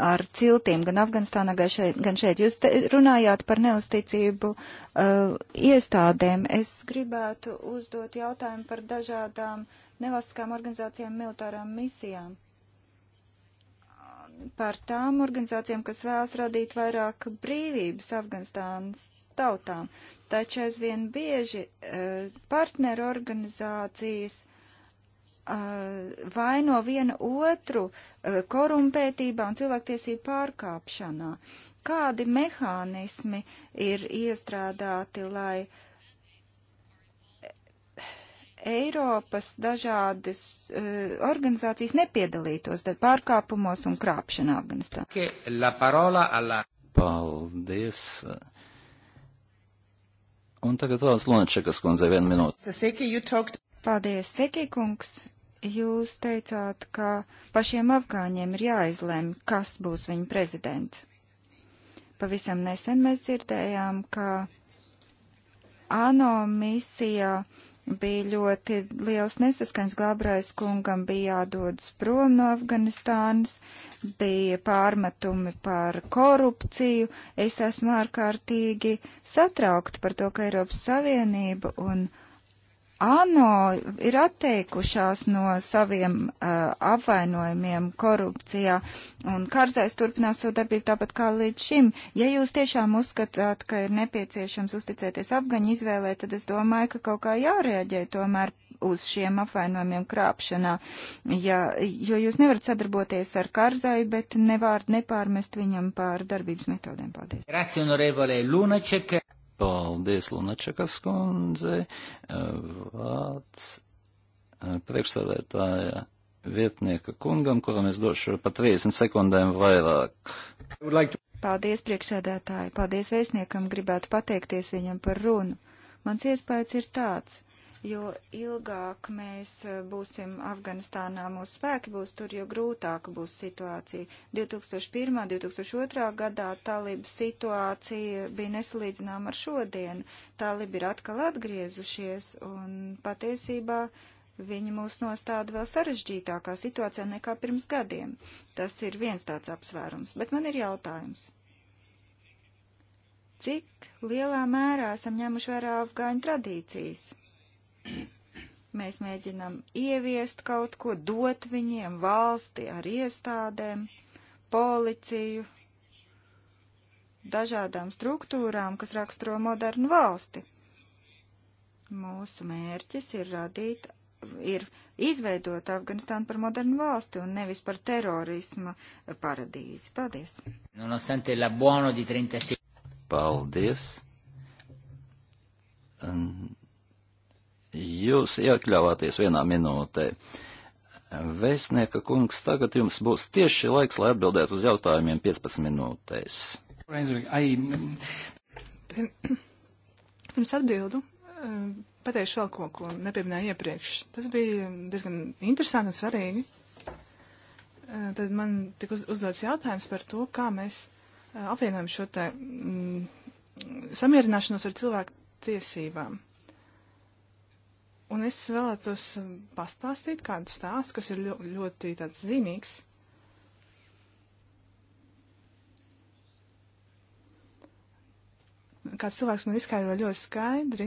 ar ciltīm gan Afganistānā, gan šeit. Gan šeit. Jūs runājāt par neusticību uh, iestādēm. Es gribētu uzdot jautājumu par dažādām nevalstiskām organizācijām, militārām misijām. Par tām organizācijām, kas vēlas radīt vairāk brīvības Afganistānas tautām. Taču aizvien bieži eh, partneru organizācijas eh, vaino vienu otru eh, korumpētībā un cilvēktiesību pārkāpšanā. Kādi mehānismi ir iestrādāti, lai uh, Eiropas dažādas uh, organizācijas nepiedalītos pārkāpumos un krāpšanā Afganistānā. Paldies. Un tagad vēlas Lunačekas kundzei vienu minūti. Paldies, Ceki kungs. Jūs teicāt, ka pašiem afgāņiem ir jāizlem, kas būs viņu prezidents. Pavisam nesen mēs dzirdējām, ka ANO misija bija ļoti liels nesaskaņas. Glabrais kungam bija jādodas prom no Afganistānas, bija pārmetumi par korupciju. Es esmu ārkārtīgi satraukta par to, ka Eiropas Savienība un ANO ir atteikušās no saviem uh, apvainojumiem korupcijā, un Karzais turpinās savu darbību tāpat kā līdz šim. Ja jūs tiešām uzskatāt, ka ir nepieciešams uzticēties Afgaņu izvēlē, tad es domāju, ka kaut kā jārēģē tomēr uz šiem apvainojumiem krāpšanā, ja, jo jūs nevarat sadarboties ar Karzai, bet nevārt nepārmest viņam pār darbības metodēm. Paldies. Grazie, Paldies Lunačakas kundzei. Vārds eh, priekšstādētāja vietnieka kungam, kuram es došu pa 30 sekundēm vairāk. Paldies priekšsēdētāji, paldies vēstniekam, gribētu pateikties viņam par runu. Mans iespējas ir tāds, jo ilgāk mēs eh, būsim Afganistānā, mūsu spēki būs tur, jo grūtāka būs situācija. 2001. 2002. gadā talibu situācija bija nesalīdzināma ar šodienu. Talibi ir atkal atgriezušies un patiesībā viņi mūs nostāda vēl sarežģītākā situācijā nekā pirms gadiem. Tas ir viens tāds apsvērums, bet man ir jautājums cik lielā mērā esam ņēmuši vērā afgāņu tradīcijas. Mēs mēģinam ieviest kaut ko, dot viņiem valsti ar iestādēm, policiju, dažādām struktūrām, kas raksturo modernu valsti. Mūsu mērķis ir radīt, ir izveidot Afganistānu par modernu valsti un nevis par terorisma paradīzi. Paldies! Paldies! jūs iekļāvāties vienā minūtē. Vēstnieka kungs, tagad jums būs tieši laiks, lai atbildētu uz jautājumiem 15 minūtēs. Pirms atbildu, eh, pateikšu vēl ko, ko nepieminēju iepriekš. Tas bija diezgan interesanti un svarīgi. Eh, Tad man tika uz, uzdots jautājums par to, kā mēs eh, apvienojam šo te mm, samierināšanos ar cilvēku tiesībām. Un es vēlētos pastāstīt kādu stāstu, kas ir ļo, ļoti tāds zīmīgs. Kāds cilvēks man izskaidro ļoti skaidri.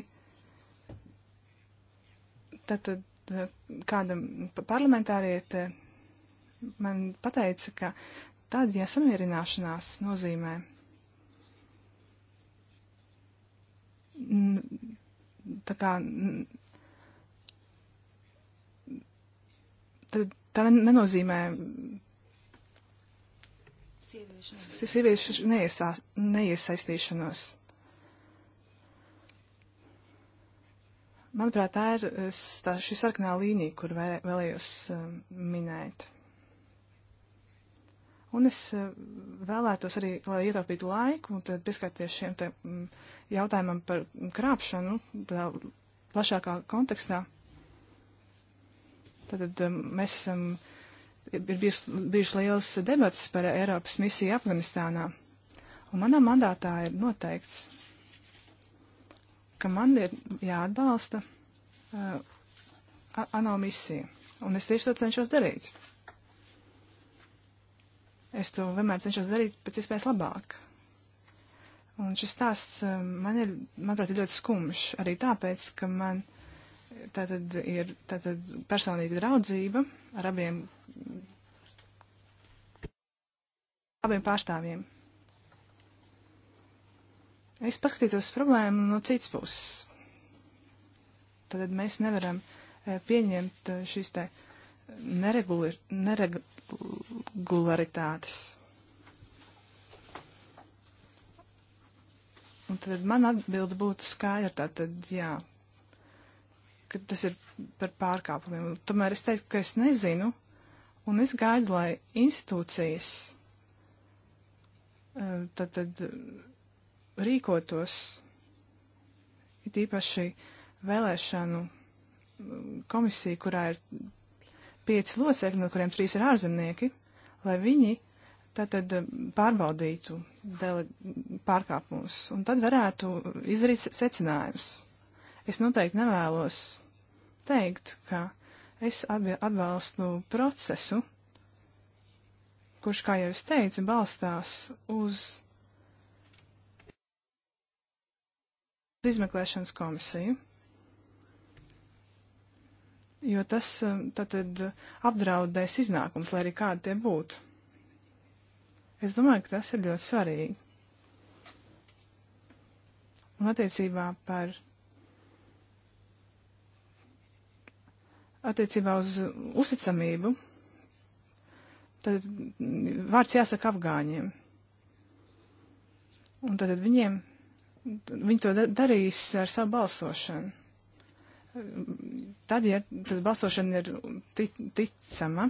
Tātad eh, kāda parlamentāriete eh, man pateica, ka tad, ja samierināšanās nozīmē tā kā tad tā nenozīmē sieviešu neiesā, neiesaistīšanos. Manuprāt, tā ir tā, šī sarkanā līnija, kur vē, vēlējos um, minēt. Un es uh, vēlētos arī, lai ietaupītu laiku, un tad pieskarties šiem te um, jautājumam par krāpšanu, tādā plašākā kontekstā. Tad um, mēs esam, ir bijušas lielas debatas par Eiropas misiju Afganistānā. Un manā mandātā ir noteikts, ka man ir jāatbalsta uh, ANO misija. Un es tieši to cenšos darīt. Es to vienmēr cenšos darīt pēc iespējas labāk. Un šis stāsts uh, man ir, manuprāt, ir ļoti skumjš arī tāpēc, ka man uh, Tātad ir tātad personīga draudzība ar abiem, abiem pārstāvjiem. Es paskatītos uz problēmu no citas puses. Tad mēs nevaram eh, pieņemt eh, šīs te neregularitātes. Un tad man atbilde būtu skaidra, tad jā, ka tas ir par pārkāpumiem. Tomēr es teiktu, ka es nezinu, un es gaidu, lai institūcijas eh, tad, tad rīkotos, it īpaši vēlēšanu mm, komisija, kurā ir pieci locekļi, no kuriem trīs ir ārzemnieki, lai viņi tātad pārbaudītu dele, pārkāpumus, un tad varētu izdarīt secinājumus. Es noteikti nevēlos teikt, ka es atbalstu procesu, kurš, kā jau es teicu, balstās uz izmeklēšanas komisiju, jo tas tātad um, apdraudēs iznākums, lai arī kādi tie būtu. Es domāju, ka tas ir ļoti svarīgi. Un attiecībā par attiecībā uz uzticamību, tad vārds jāsaka afgāņiem. Un tad viņiem, viņi to da darīs ar savu balsošanu. Tad, ja tad balsošana ir tic ticama.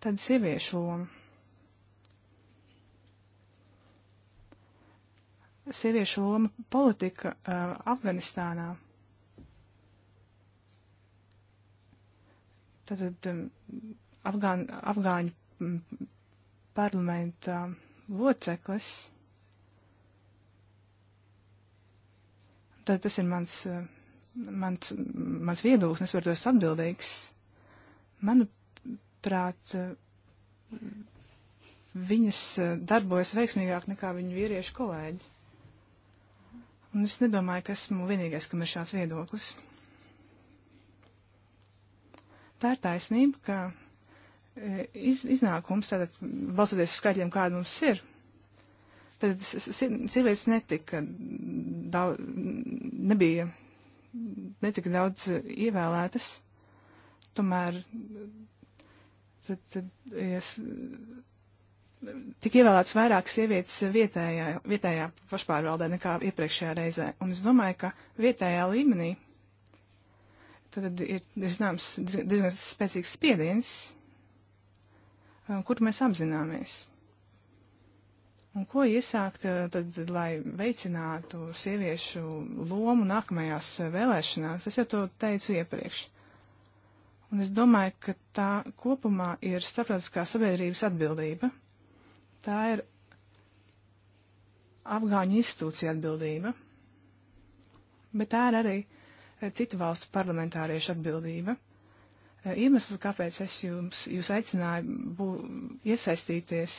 Tad sieviešu loma. sieviešu loma politika uh, Afganistānā. Tātad um, Afgāņu, Afgāņu parlamenta loceklis. Tad tas ir mans, mans, mans viedoklis, es varu tos atbildīgs. Manuprāt, viņas darbojas veiksmīgāk nekā viņu vīriešu kolēģi. Un es nedomāju, ka esmu vienīgais, kam ir šāds viedoklis. Tā ir taisnība, ka e, iz, iznākums, tātad balsoties uz skaitļiem, kāda mums ir, tad sievietes netika daudz, nebija, netika daudz ievēlētas, tomēr tad, tad ja tika ievēlēts vairāk sievietes vietējā, vietējā pašpārvaldē nekā iepriekšējā reizē. Un es domāju, ka vietējā līmenī tad ir, zināms, diezgan spēcīgs spiediens, um, kur mēs apzināmies. Un ko iesākt, uh, tad, lai veicinātu sieviešu lomu nākamajās vēlēšanās? Es jau to teicu iepriekš. Un es domāju, ka tā kopumā ir starptautiskā sabiedrības atbildība. Tā ir Afgāņu institūcija atbildība, bet tā ir arī e, citu valstu parlamentāriešu atbildība. E, iemesls, kāpēc es jums, jūs aicināju bū, iesaistīties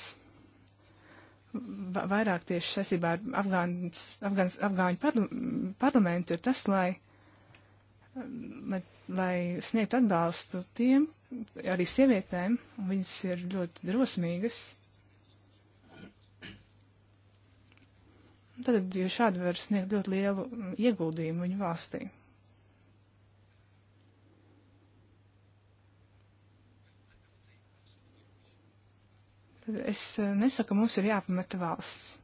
vairāk tieši saistībā ar Afgāns, Afgāns, Afgāņu parla parlamentu, ir tas, lai, lai, lai sniegtu atbalstu tiem, arī sievietēm, un viņas ir ļoti drosmīgas tad šādi var sniegt ļoti lielu mm, ieguldījumu viņu valstī. Tad es eh, nesaku, mums ir jāpameta valsts.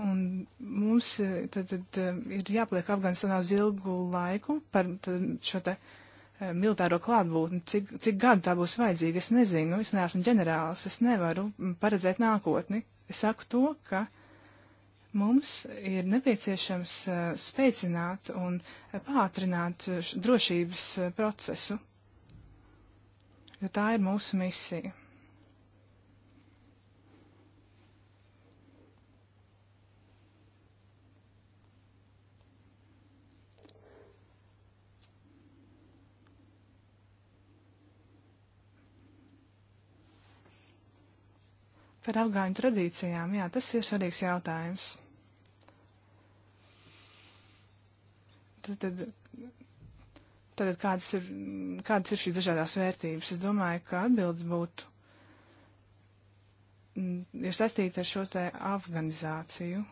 Un mums eh, tad, tad eh, ir jāpaliek Afganistānā uz ilgu laiku par tad, šo te militāro klātbūtni, cik, cik gadu tā būs vajadzīga, es nezinu, es neesmu ģenerālis, es nevaru mm, paredzēt nākotni. Es saku to, ka mums ir nepieciešams uh, spēcināt un pātrināt drošības procesu, jo tā ir mūsu misija. Par afgāņu tradīcijām, jā, tas ir svarīgs jautājums. Tad, tad, tad kādas ir, kādas ir šīs dažādās vērtības? Es domāju, ka atbildi būtu mm, ir saistīta ar šo te afganizāciju.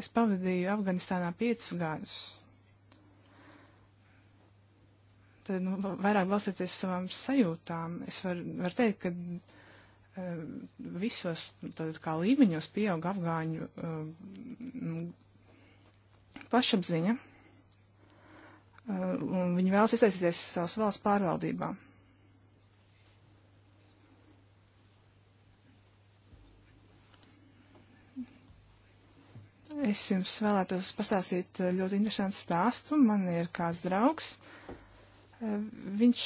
Es pavadīju Afganistānā piecus gadus. Tad nu, vairāk balstoties uz savām sajūtām, es varu var teikt, ka Ehm, visos tad, kā līmeņos pieaug afgāņu ehm, pašapziņa, ehm, un viņi vēlas iesaistīties savas valsts pārvaldībā. Es jums vēlētos pastāstīt ļoti interesantu stāstu. Man ir kāds draugs. Viņš,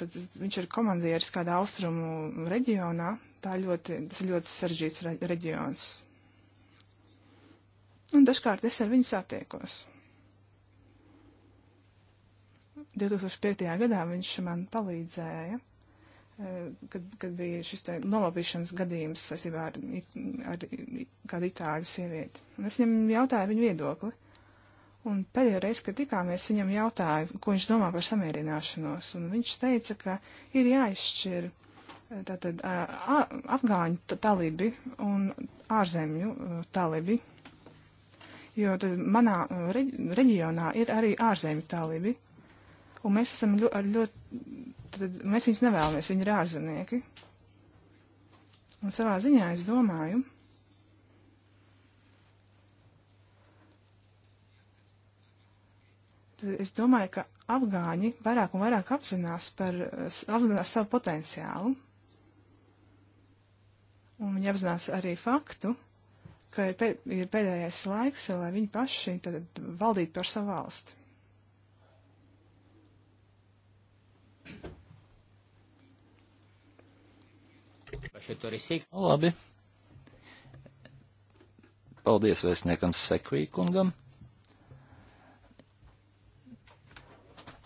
tad, viņš ir komandieris kādā austrumu reģionā, tā ļoti, tas ir ļoti saržģīts re reģions. Un dažkārt es ar viņu satiekos. 2005. gadā viņš man palīdzēja, eh, kad, kad bija šis te nolopīšanas gadījums saistībā ar, ar kādu itāļu sievieti. Un es viņam jautāju viņu viedokli. Un pēdējo reizi, kad tikāmies, viņam jautāju, ko viņš domā par samierināšanos, un viņš teica, ka ir jāizšķir tātad afgāņu talibi un ārzemju talibi, jo tad manā reģionā ir arī ārzemju talibi, un mēs esam ļoti, ļoti tad mēs viņus nevēlamies, viņi ir ārzemnieki. Un savā ziņā es domāju, es domāju, ka afgāņi vairāk un vairāk apzinās, par, apzinās savu potenciālu. Un viņi apzinās arī faktu, ka ir, pē ir pēdējais laiks, lai viņi paši tad valdītu par savu valsti. Labi. Paldies vēstniekam Sekvīkungam.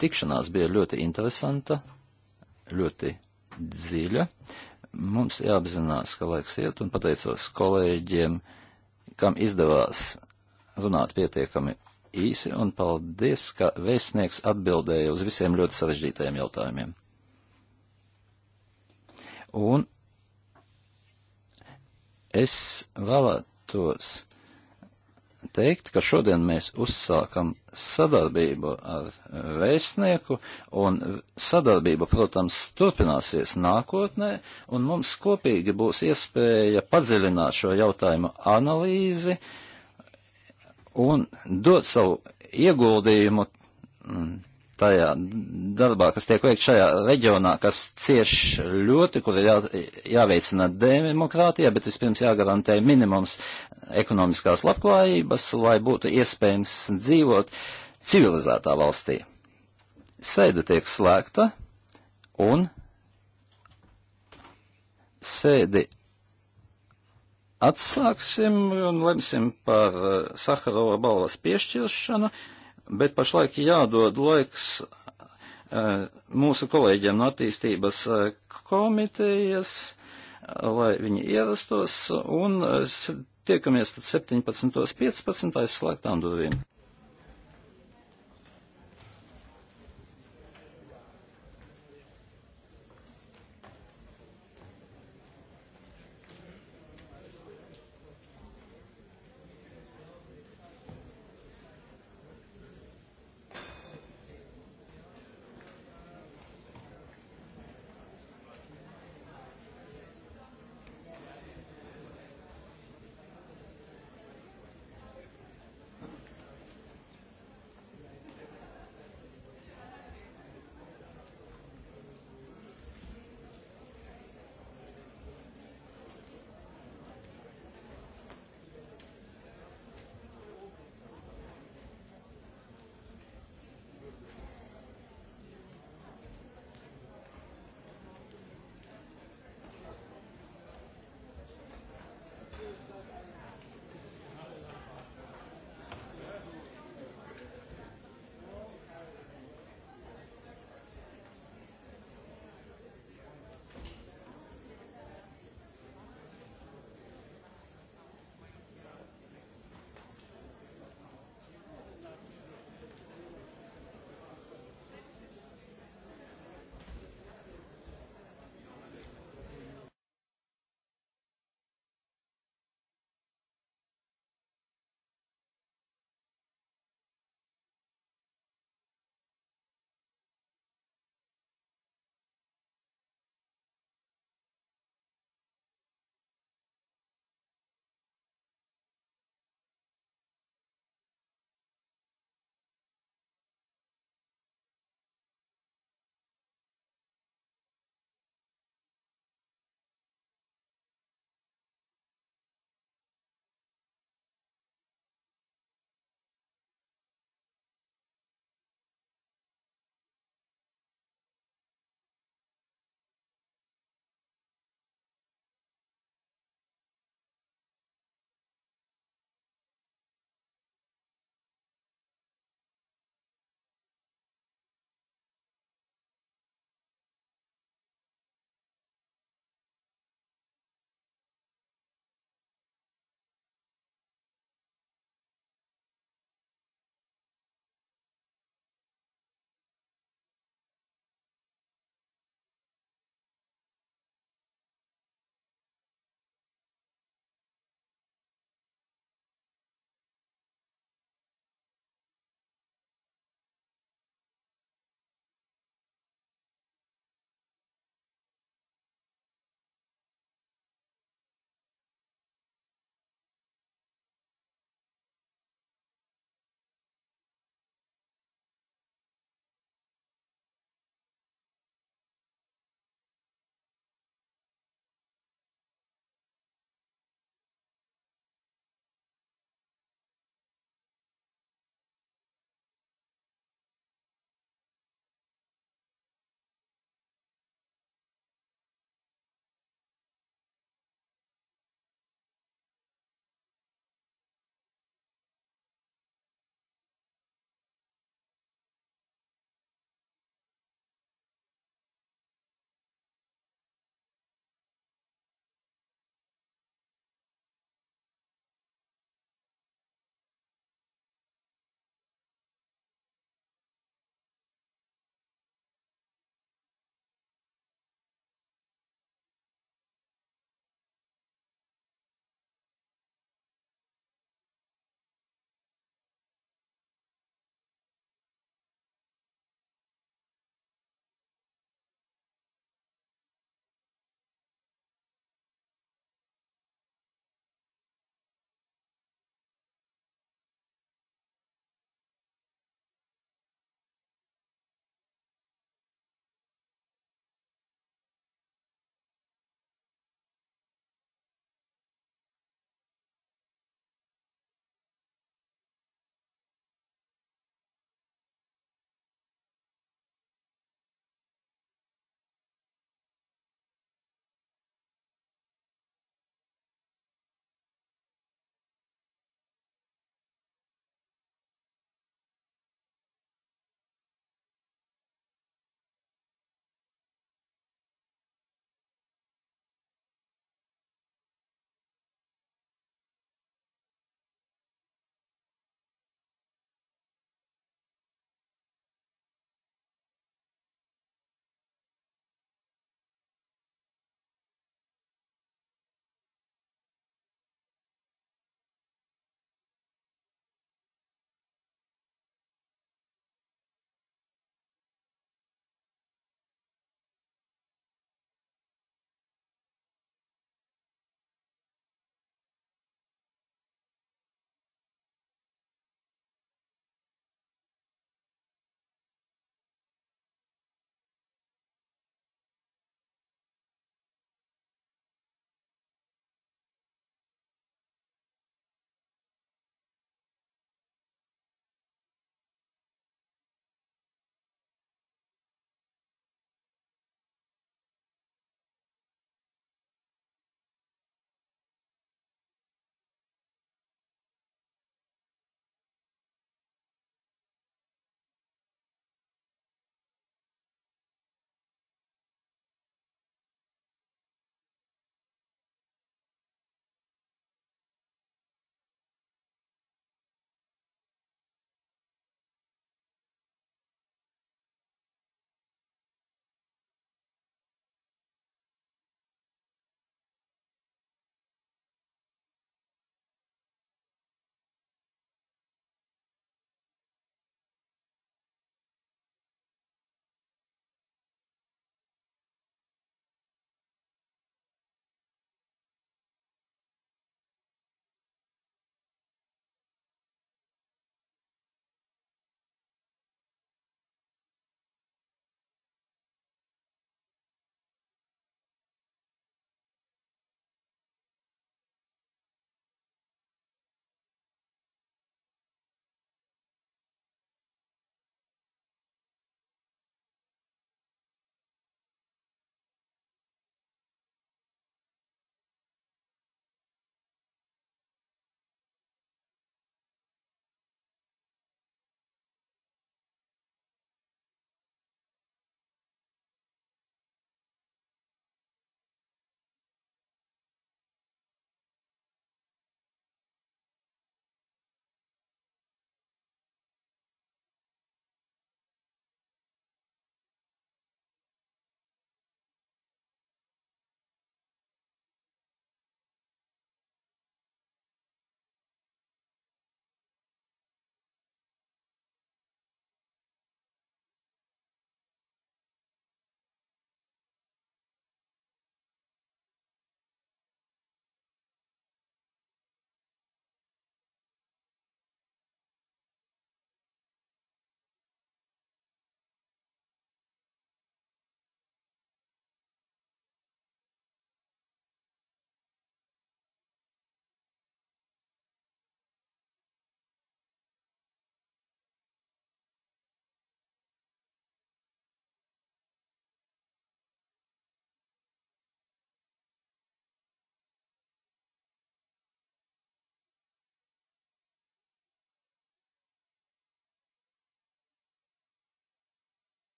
Tikšanās bija ļoti interesanta, ļoti dziļa. Mums jāapzinās, ka laiks iet, un pateicos kolēģiem, kam izdevās runāt pietiekami īsi, un paldies, ka vēstnieks atbildēja uz visiem ļoti sarežģītajiem jautājumiem. Un es vēlētos teikt, ka šodien mēs uzsākam sadarbību ar eh, vēstnieku, un sadarbība, protams, turpināsies nākotnē, un mums kopīgi būs iespēja padziļināt šo jautājumu analīzi un dot savu ieguldījumu mm, tajā darbā, kas tiek veikt šajā reģionā, kas cieš ļoti, kur ir jā, jāveicina demokrātija, bet vispirms jāgarantē minimums ekonomiskās labklājības, lai būtu iespējams dzīvot civilizētā valstī. Sēde tiek slēgta un sēdi atsāksim un lemsim par uh, Saharova balvas piešķiršanu, bet pašlaik jādod laiks uh, mūsu kolēģiem no attīstības uh, komitejas, lai viņi ierastos un Tiekamies tad 17.15. slēgtām durvīm.